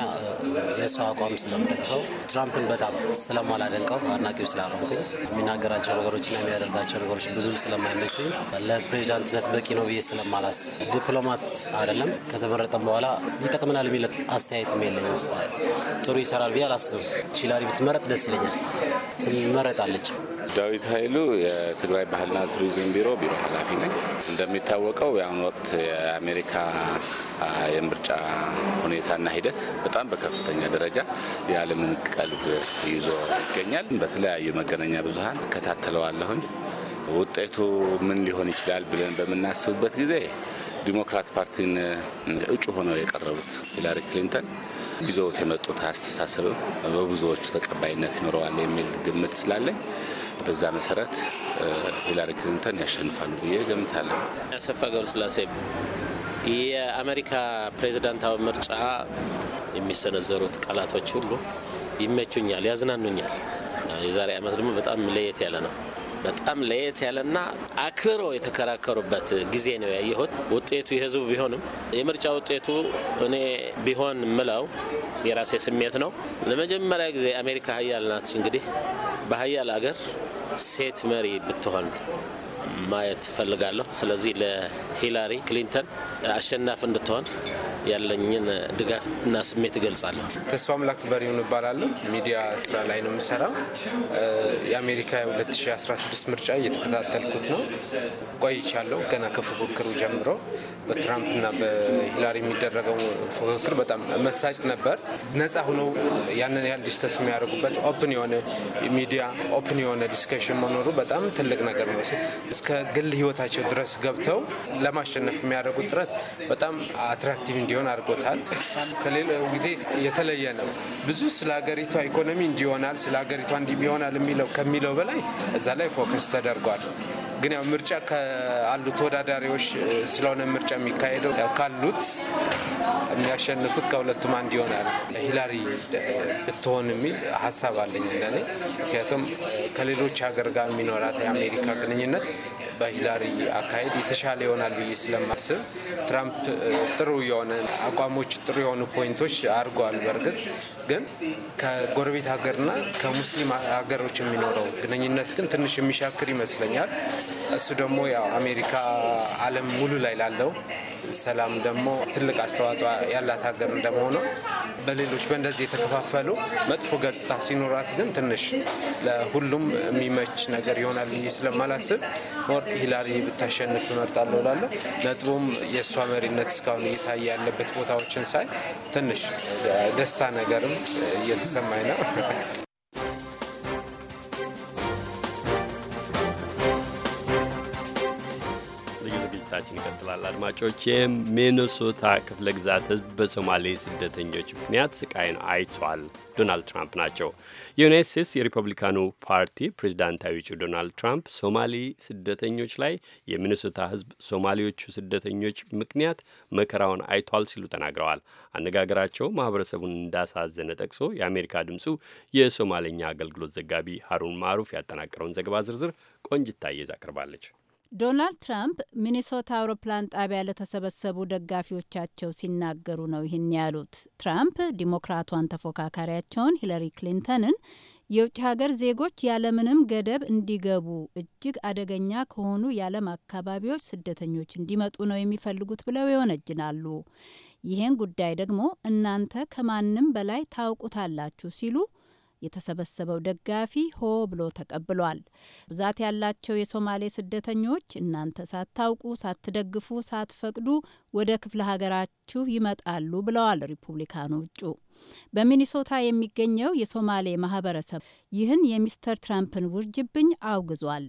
የእሷ አቋም ስለምደግፈው፣ ትራምፕን በጣም ስለማላደንቀው አድናቂው ስላልሆንኩኝ የሚናገራቸው ነገሮችና የሚያደርጋቸው ነገሮች ብዙም ስለማይመቹኝ ለፕሬዚዳንትነት በቂ ነው ብዬ ስለማላስብ ዲፕሎማት አይደለም። ከተመረጠም በኋላ ይጠቅመናል የሚለት አስተያየትም የለኝም። ጥሩ ይሰራል ብዬ አላስብም። ሂላሪ ብትመረጥ ደስ ይለኛል። ትመረጣለች። ዳዊት ኃይሉ የትግራይ ባህልና ቱሪዝም ቢሮ ቢሮ ኃላፊ ነኝ። እንደሚታወቀው የአሁኑ ወቅት የአሜሪካ የምርጫ ሁኔታና ሂደት በጣም በከፍተኛ ደረጃ የዓለምን ቀልብ ይዞ ይገኛል። በተለያዩ መገናኛ ብዙኃን እከታተለዋለሁኝ። ውጤቱ ምን ሊሆን ይችላል ብለን በምናስብበት ጊዜ ዲሞክራት ፓርቲን እጩ ሆነው የቀረቡት ሂላሪ ክሊንተን ይዘውት የመጡት አስተሳሰብም በብዙዎቹ ተቀባይነት ይኖረዋል የሚል ግምት ስላለኝ በዛ መሰረት ሂላሪ ክሊንተን ያሸንፋሉ ብዬ ገምታለሁ። አሰፋ ገብረስላሴ የአሜሪካ ፕሬዚዳንታዊ ምርጫ የሚሰነዘሩት ቃላቶች ሁሉ ይመቹኛል፣ ያዝናኑኛል። የዛሬ ዓመት ደግሞ በጣም ለየት ያለ ነው። በጣም ለየት ያለና አክርሮ የተከራከሩበት ጊዜ ነው ያየሁት። ውጤቱ የህዝቡ ቢሆንም የምርጫ ውጤቱ እኔ ቢሆን ምለው የራሴ ስሜት ነው። ለመጀመሪያ ጊዜ አሜሪካ ሀያል ናት። እንግዲህ በሀያል አገር سيت ماري بالتهند ማየት ፈልጋለሁ። ስለዚህ ለሂላሪ ክሊንተን አሸናፊ እንድትሆን ያለኝን ድጋፍ እና ስሜት እገልጻለሁ። ተስፋ አምላክ በሪሁን እባላለሁ። ሚዲያ ስራ ላይ ነው የምሰራ። የአሜሪካ 2016 ምርጫ እየተከታተልኩት ነው ቆይቻለሁ። ገና ከፉክክሩ ጀምሮ በትራምፕና በሂላሪ የሚደረገው ፉክክር በጣም መሳጭ ነበር። ነፃ ሆነው ያንን ያህል ዲስከስ የሚያደርጉበት ኦፕን የሆነ ሚዲያ ኦፕን የሆነ ዲስከሽን መኖሩ በጣም ትልቅ ነገር ነው። እስከ ግል ህይወታቸው ድረስ ገብተው ለማሸነፍ የሚያደርጉት ጥረት በጣም አትራክቲቭ እንዲሆን አድርጎታል። ከሌላው ጊዜ የተለየ ነው። ብዙ ስለ ሀገሪቷ ኢኮኖሚ እንዲሆናል ስለ ሀገሪቷ እንዲሆናል የሚለው ከሚለው በላይ እዛ ላይ ፎከስ ተደርጓል። ግን ያው ምርጫ ከአሉ ተወዳዳሪዎች ስለሆነ ምርጫ የሚካሄደው ካሉት የሚያሸንፉት ከሁለቱም አንድ ይሆናል። ሂላሪ ብትሆን የሚል ሀሳብ አለኝ እንደኔ። ምክንያቱም ከሌሎች ሀገር ጋር የሚኖራት የአሜሪካ ግንኙነት በሂላሪ አካሄድ የተሻለ ይሆናል ብዬ ስለማስብ ትራምፕ ጥሩ የሆነ አቋሞች ጥሩ የሆኑ ፖይንቶች አድርገዋል። በእርግጥ ግን ከጎረቤት ሀገርና ከሙስሊም ሀገሮች የሚኖረው ግንኙነት ግን ትንሽ የሚሻክር ይመስለኛል። እሱ ደግሞ ያው አሜሪካ ዓለም ሙሉ ላይ ላለው ሰላም ደግሞ ትልቅ አስተዋጽኦ ያላት ሀገር እንደመሆኑ በሌሎች በእንደዚህ የተከፋፈሉ መጥፎ ገጽታ ሲኖራት ግን ትንሽ ለሁሉም የሚመች ነገር ይሆናል ብዬ ስለማላስብ ሞር ሂላሪ ብታሸንፍ እመርጣለሁ እላለሁ። ነጥቡም የእሷ መሪነት እስካሁን እየታየ ያለበት ቦታዎችን ሳይ ትንሽ ደስታ ነገርም እየተሰማኝ ነው። ዝግጅታችን ይቀጥላል። አድማጮች፣ የሚኒሶታ ክፍለ ግዛት ህዝብ በሶማሌ ስደተኞች ምክንያት ስቃይን አይቷል። ዶናልድ ትራምፕ ናቸው። የዩናይት ስቴትስ የሪፐብሊካኑ ፓርቲ ፕሬዚዳንታዊ እጩ ዶናልድ ትራምፕ ሶማሌ ስደተኞች ላይ የሚኒሶታ ህዝብ ሶማሌዎቹ ስደተኞች ምክንያት መከራውን አይቷል ሲሉ ተናግረዋል። አነጋገራቸው ማህበረሰቡን እንዳሳዘነ ጠቅሶ የአሜሪካ ድምጹ የሶማሌኛ አገልግሎት ዘጋቢ ሀሩን ማሩፍ ያጠናቀረውን ዘገባ ዝርዝር ቆንጅታ ይዛ ዶናልድ ትራምፕ ሚኒሶታ አውሮፕላን ጣቢያ ለተሰበሰቡ ደጋፊዎቻቸው ሲናገሩ ነው ይህን ያሉት። ትራምፕ ዲሞክራቷን ተፎካካሪያቸውን ሂለሪ ክሊንተንን የውጭ ሀገር ዜጎች ያለምንም ገደብ እንዲገቡ እጅግ አደገኛ ከሆኑ የዓለም አካባቢዎች ስደተኞች እንዲመጡ ነው የሚፈልጉት ብለው ይወነጅናሉ። ይህን ጉዳይ ደግሞ እናንተ ከማንም በላይ ታውቁታላችሁ ሲሉ የተሰበሰበው ደጋፊ ሆ ብሎ ተቀብሏል። ብዛት ያላቸው የሶማሌ ስደተኞች እናንተ ሳታውቁ፣ ሳትደግፉ፣ ሳትፈቅዱ ወደ ክፍለ ሀገራችሁ ይመጣሉ ብለዋል ሪፑብሊካኑ እጩ። በሚኒሶታ የሚገኘው የሶማሌ ማህበረሰብ ይህን የሚስተር ትራምፕን ውርጅብኝ አውግዟል።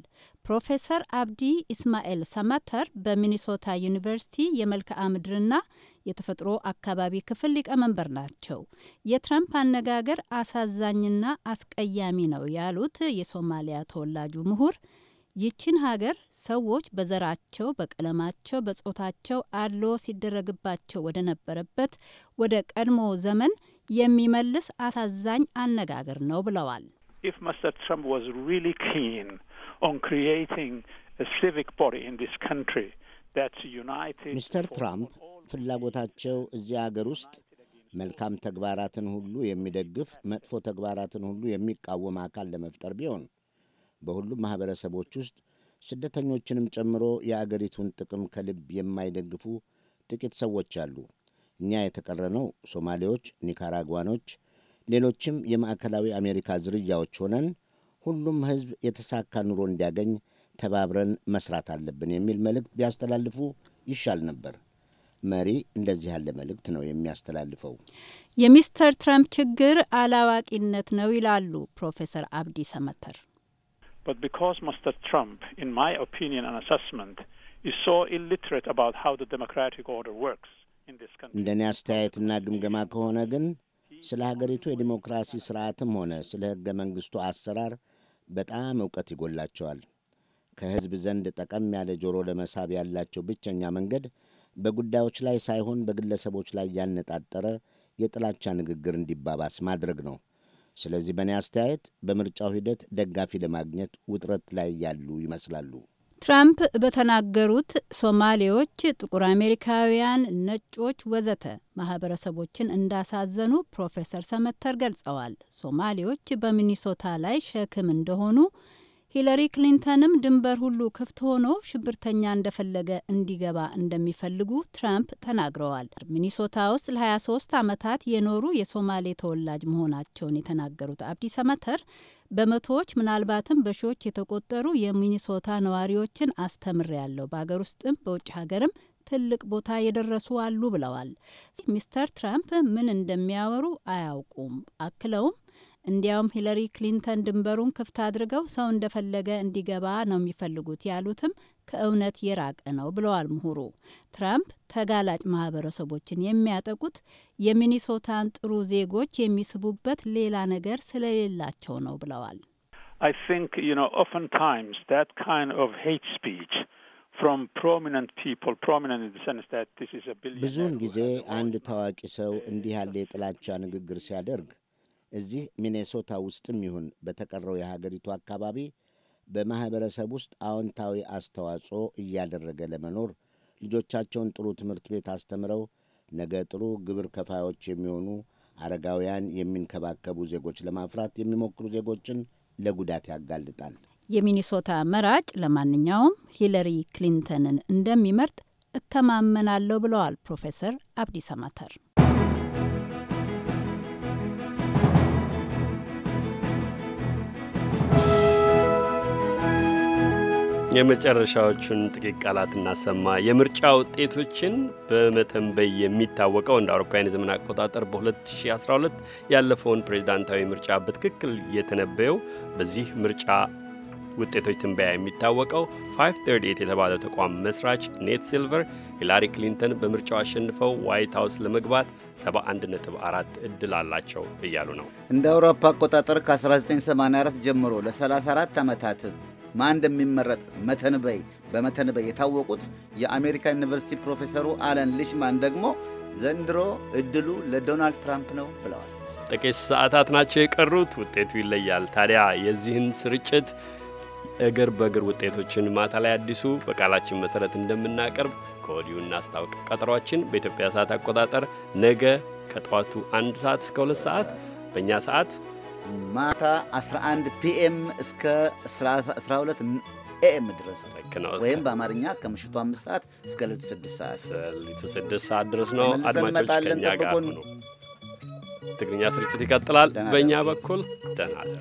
ፕሮፌሰር አብዲ ኢስማኤል ሰመተር በሚኒሶታ ዩኒቨርሲቲ የመልክዓ ምድርና የተፈጥሮ አካባቢ ክፍል ሊቀመንበር ናቸው። የትራምፕ አነጋገር አሳዛኝና አስቀያሚ ነው ያሉት የሶማሊያ ተወላጁ ምሁር ይችን ሀገር ሰዎች በዘራቸው፣ በቀለማቸው፣ በጾታቸው አድሎ ሲደረግባቸው ወደ ነበረበት ወደ ቀድሞ ዘመን የሚመልስ አሳዛኝ አነጋገር ነው ብለዋል። ትራምፕ ሚስተር ትራምፕ ፍላጎታቸው እዚያ አገር ውስጥ መልካም ተግባራትን ሁሉ የሚደግፍ መጥፎ ተግባራትን ሁሉ የሚቃወም አካል ለመፍጠር ቢሆን በሁሉም ማኅበረሰቦች ውስጥ ስደተኞችንም ጨምሮ የአገሪቱን ጥቅም ከልብ የማይደግፉ ጥቂት ሰዎች አሉ። እኛ የተቀረነው ሶማሌዎች፣ ኒካራጓኖች፣ ሌሎችም የማዕከላዊ አሜሪካ ዝርያዎች ሆነን ሁሉም ሕዝብ የተሳካ ኑሮ እንዲያገኝ ተባብረን መስራት አለብን የሚል መልእክት ቢያስተላልፉ ይሻል ነበር። መሪ እንደዚህ ያለ መልእክት ነው የሚያስተላልፈው። የሚስተር ትራምፕ ችግር አላዋቂነት ነው ይላሉ ፕሮፌሰር አብዲ ሰመተር። እንደ እኔ አስተያየትና ግምገማ ከሆነ ግን ስለ ሀገሪቱ የዲሞክራሲ ስርዓትም ሆነ ስለ ህገ መንግስቱ አሰራር በጣም እውቀት ይጎላቸዋል። ከሕዝብ ዘንድ ጠቀም ያለ ጆሮ ለመሳብ ያላቸው ብቸኛ መንገድ በጉዳዮች ላይ ሳይሆን በግለሰቦች ላይ ያነጣጠረ የጥላቻ ንግግር እንዲባባስ ማድረግ ነው። ስለዚህ በእኔ አስተያየት በምርጫው ሂደት ደጋፊ ለማግኘት ውጥረት ላይ ያሉ ይመስላሉ። ትራምፕ በተናገሩት ሶማሌዎች፣ ጥቁር አሜሪካውያን፣ ነጮች፣ ወዘተ ማህበረሰቦችን እንዳሳዘኑ ፕሮፌሰር ሰመተር ገልጸዋል። ሶማሌዎች በሚኒሶታ ላይ ሸክም እንደሆኑ ሂለሪ ክሊንተንም ድንበር ሁሉ ክፍት ሆኖ ሽብርተኛ እንደፈለገ እንዲገባ እንደሚፈልጉ ትራምፕ ተናግረዋል። ሚኒሶታ ውስጥ ለ23 ዓመታት የኖሩ የሶማሌ ተወላጅ መሆናቸውን የተናገሩት አብዲ ሰመተር በመቶዎች ምናልባትም በሺዎች የተቆጠሩ የሚኒሶታ ነዋሪዎችን አስተምሬያለሁ። በሀገር ውስጥም በውጭ ሀገርም ትልቅ ቦታ የደረሱ አሉ ብለዋል። ሚስተር ትራምፕ ምን እንደሚያወሩ አያውቁም። አክለውም እንዲያውም ሂለሪ ክሊንተን ድንበሩን ክፍት አድርገው ሰው እንደፈለገ እንዲገባ ነው የሚፈልጉት ያሉትም ከእውነት የራቀ ነው ብለዋል ምሁሩ። ትራምፕ ተጋላጭ ማህበረሰቦችን የሚያጠቁት የሚኒሶታን ጥሩ ዜጎች የሚስቡበት ሌላ ነገር ስለሌላቸው ነው ብለዋል። ብዙውን ጊዜ አንድ ታዋቂ ሰው እንዲህ ያለ የጥላቻ ንግግር ሲያደርግ እዚህ ሚኔሶታ ውስጥም ይሁን በተቀረው የሀገሪቱ አካባቢ በማኅበረሰብ ውስጥ አዎንታዊ አስተዋጽኦ እያደረገ ለመኖር ልጆቻቸውን ጥሩ ትምህርት ቤት አስተምረው ነገ ጥሩ ግብር ከፋዮች የሚሆኑ አረጋውያን የሚንከባከቡ ዜጎች ለማፍራት የሚሞክሩ ዜጎችን ለጉዳት ያጋልጣል። የሚኒሶታ መራጭ ለማንኛውም ሂለሪ ክሊንተንን እንደሚመርጥ እተማመናለሁ ብለዋል ፕሮፌሰር አብዲስ አማተር። የመጨረሻዎቹን ጥቂት ቃላት እናሰማ። የምርጫ ውጤቶችን በመተንበይ የሚታወቀው እንደ አውሮፓውያን የዘመን አቆጣጠር በ2012 ያለፈውን ፕሬዚዳንታዊ ምርጫ በትክክል የተነበየው በዚህ ምርጫ ውጤቶች ትንበያ የሚታወቀው 538 የተባለው ተቋም መስራች ኔት ሲልቨር ሂላሪ ክሊንተን በምርጫው አሸንፈው ዋይት ሀውስ ለመግባት 71.4 እድል አላቸው እያሉ ነው። እንደ አውሮፓ አቆጣጠር ከ1984 ጀምሮ ለ34 ዓመታት ማን እንደሚመረጥ መተንበይ በመተንበይ የታወቁት የአሜሪካ ዩኒቨርሲቲ ፕሮፌሰሩ አለን ሊሽማን ደግሞ ዘንድሮ እድሉ ለዶናልድ ትራምፕ ነው ብለዋል። ጥቂት ሰዓታት ናቸው የቀሩት፣ ውጤቱ ይለያል። ታዲያ የዚህን ስርጭት እግር በእግር ውጤቶችን ማታ ላይ አዲሱ በቃላችን መሰረት እንደምናቀርብ ከወዲሁ እናስታውቅ። ቀጠሯችን በኢትዮጵያ ሰዓት አቆጣጠር ነገ ከጠዋቱ አንድ ሰዓት እስከ ሁለት ሰዓት በእኛ ሰዓት ማታ 11 ፒኤም እስከ 12 ኤኤም ድረስ ወይም በአማርኛ ከምሽቱ አምስት ሰዓት እስከ ሌሊቱ ስድስት ሰዓት ሌሊቱ ስድስት ሰዓት ድረስ ነው። አድማጮች ከኛ ጋር ነው። ትግርኛ ስርጭት ይቀጥላል። በእኛ በኩል ደህና አደሩ።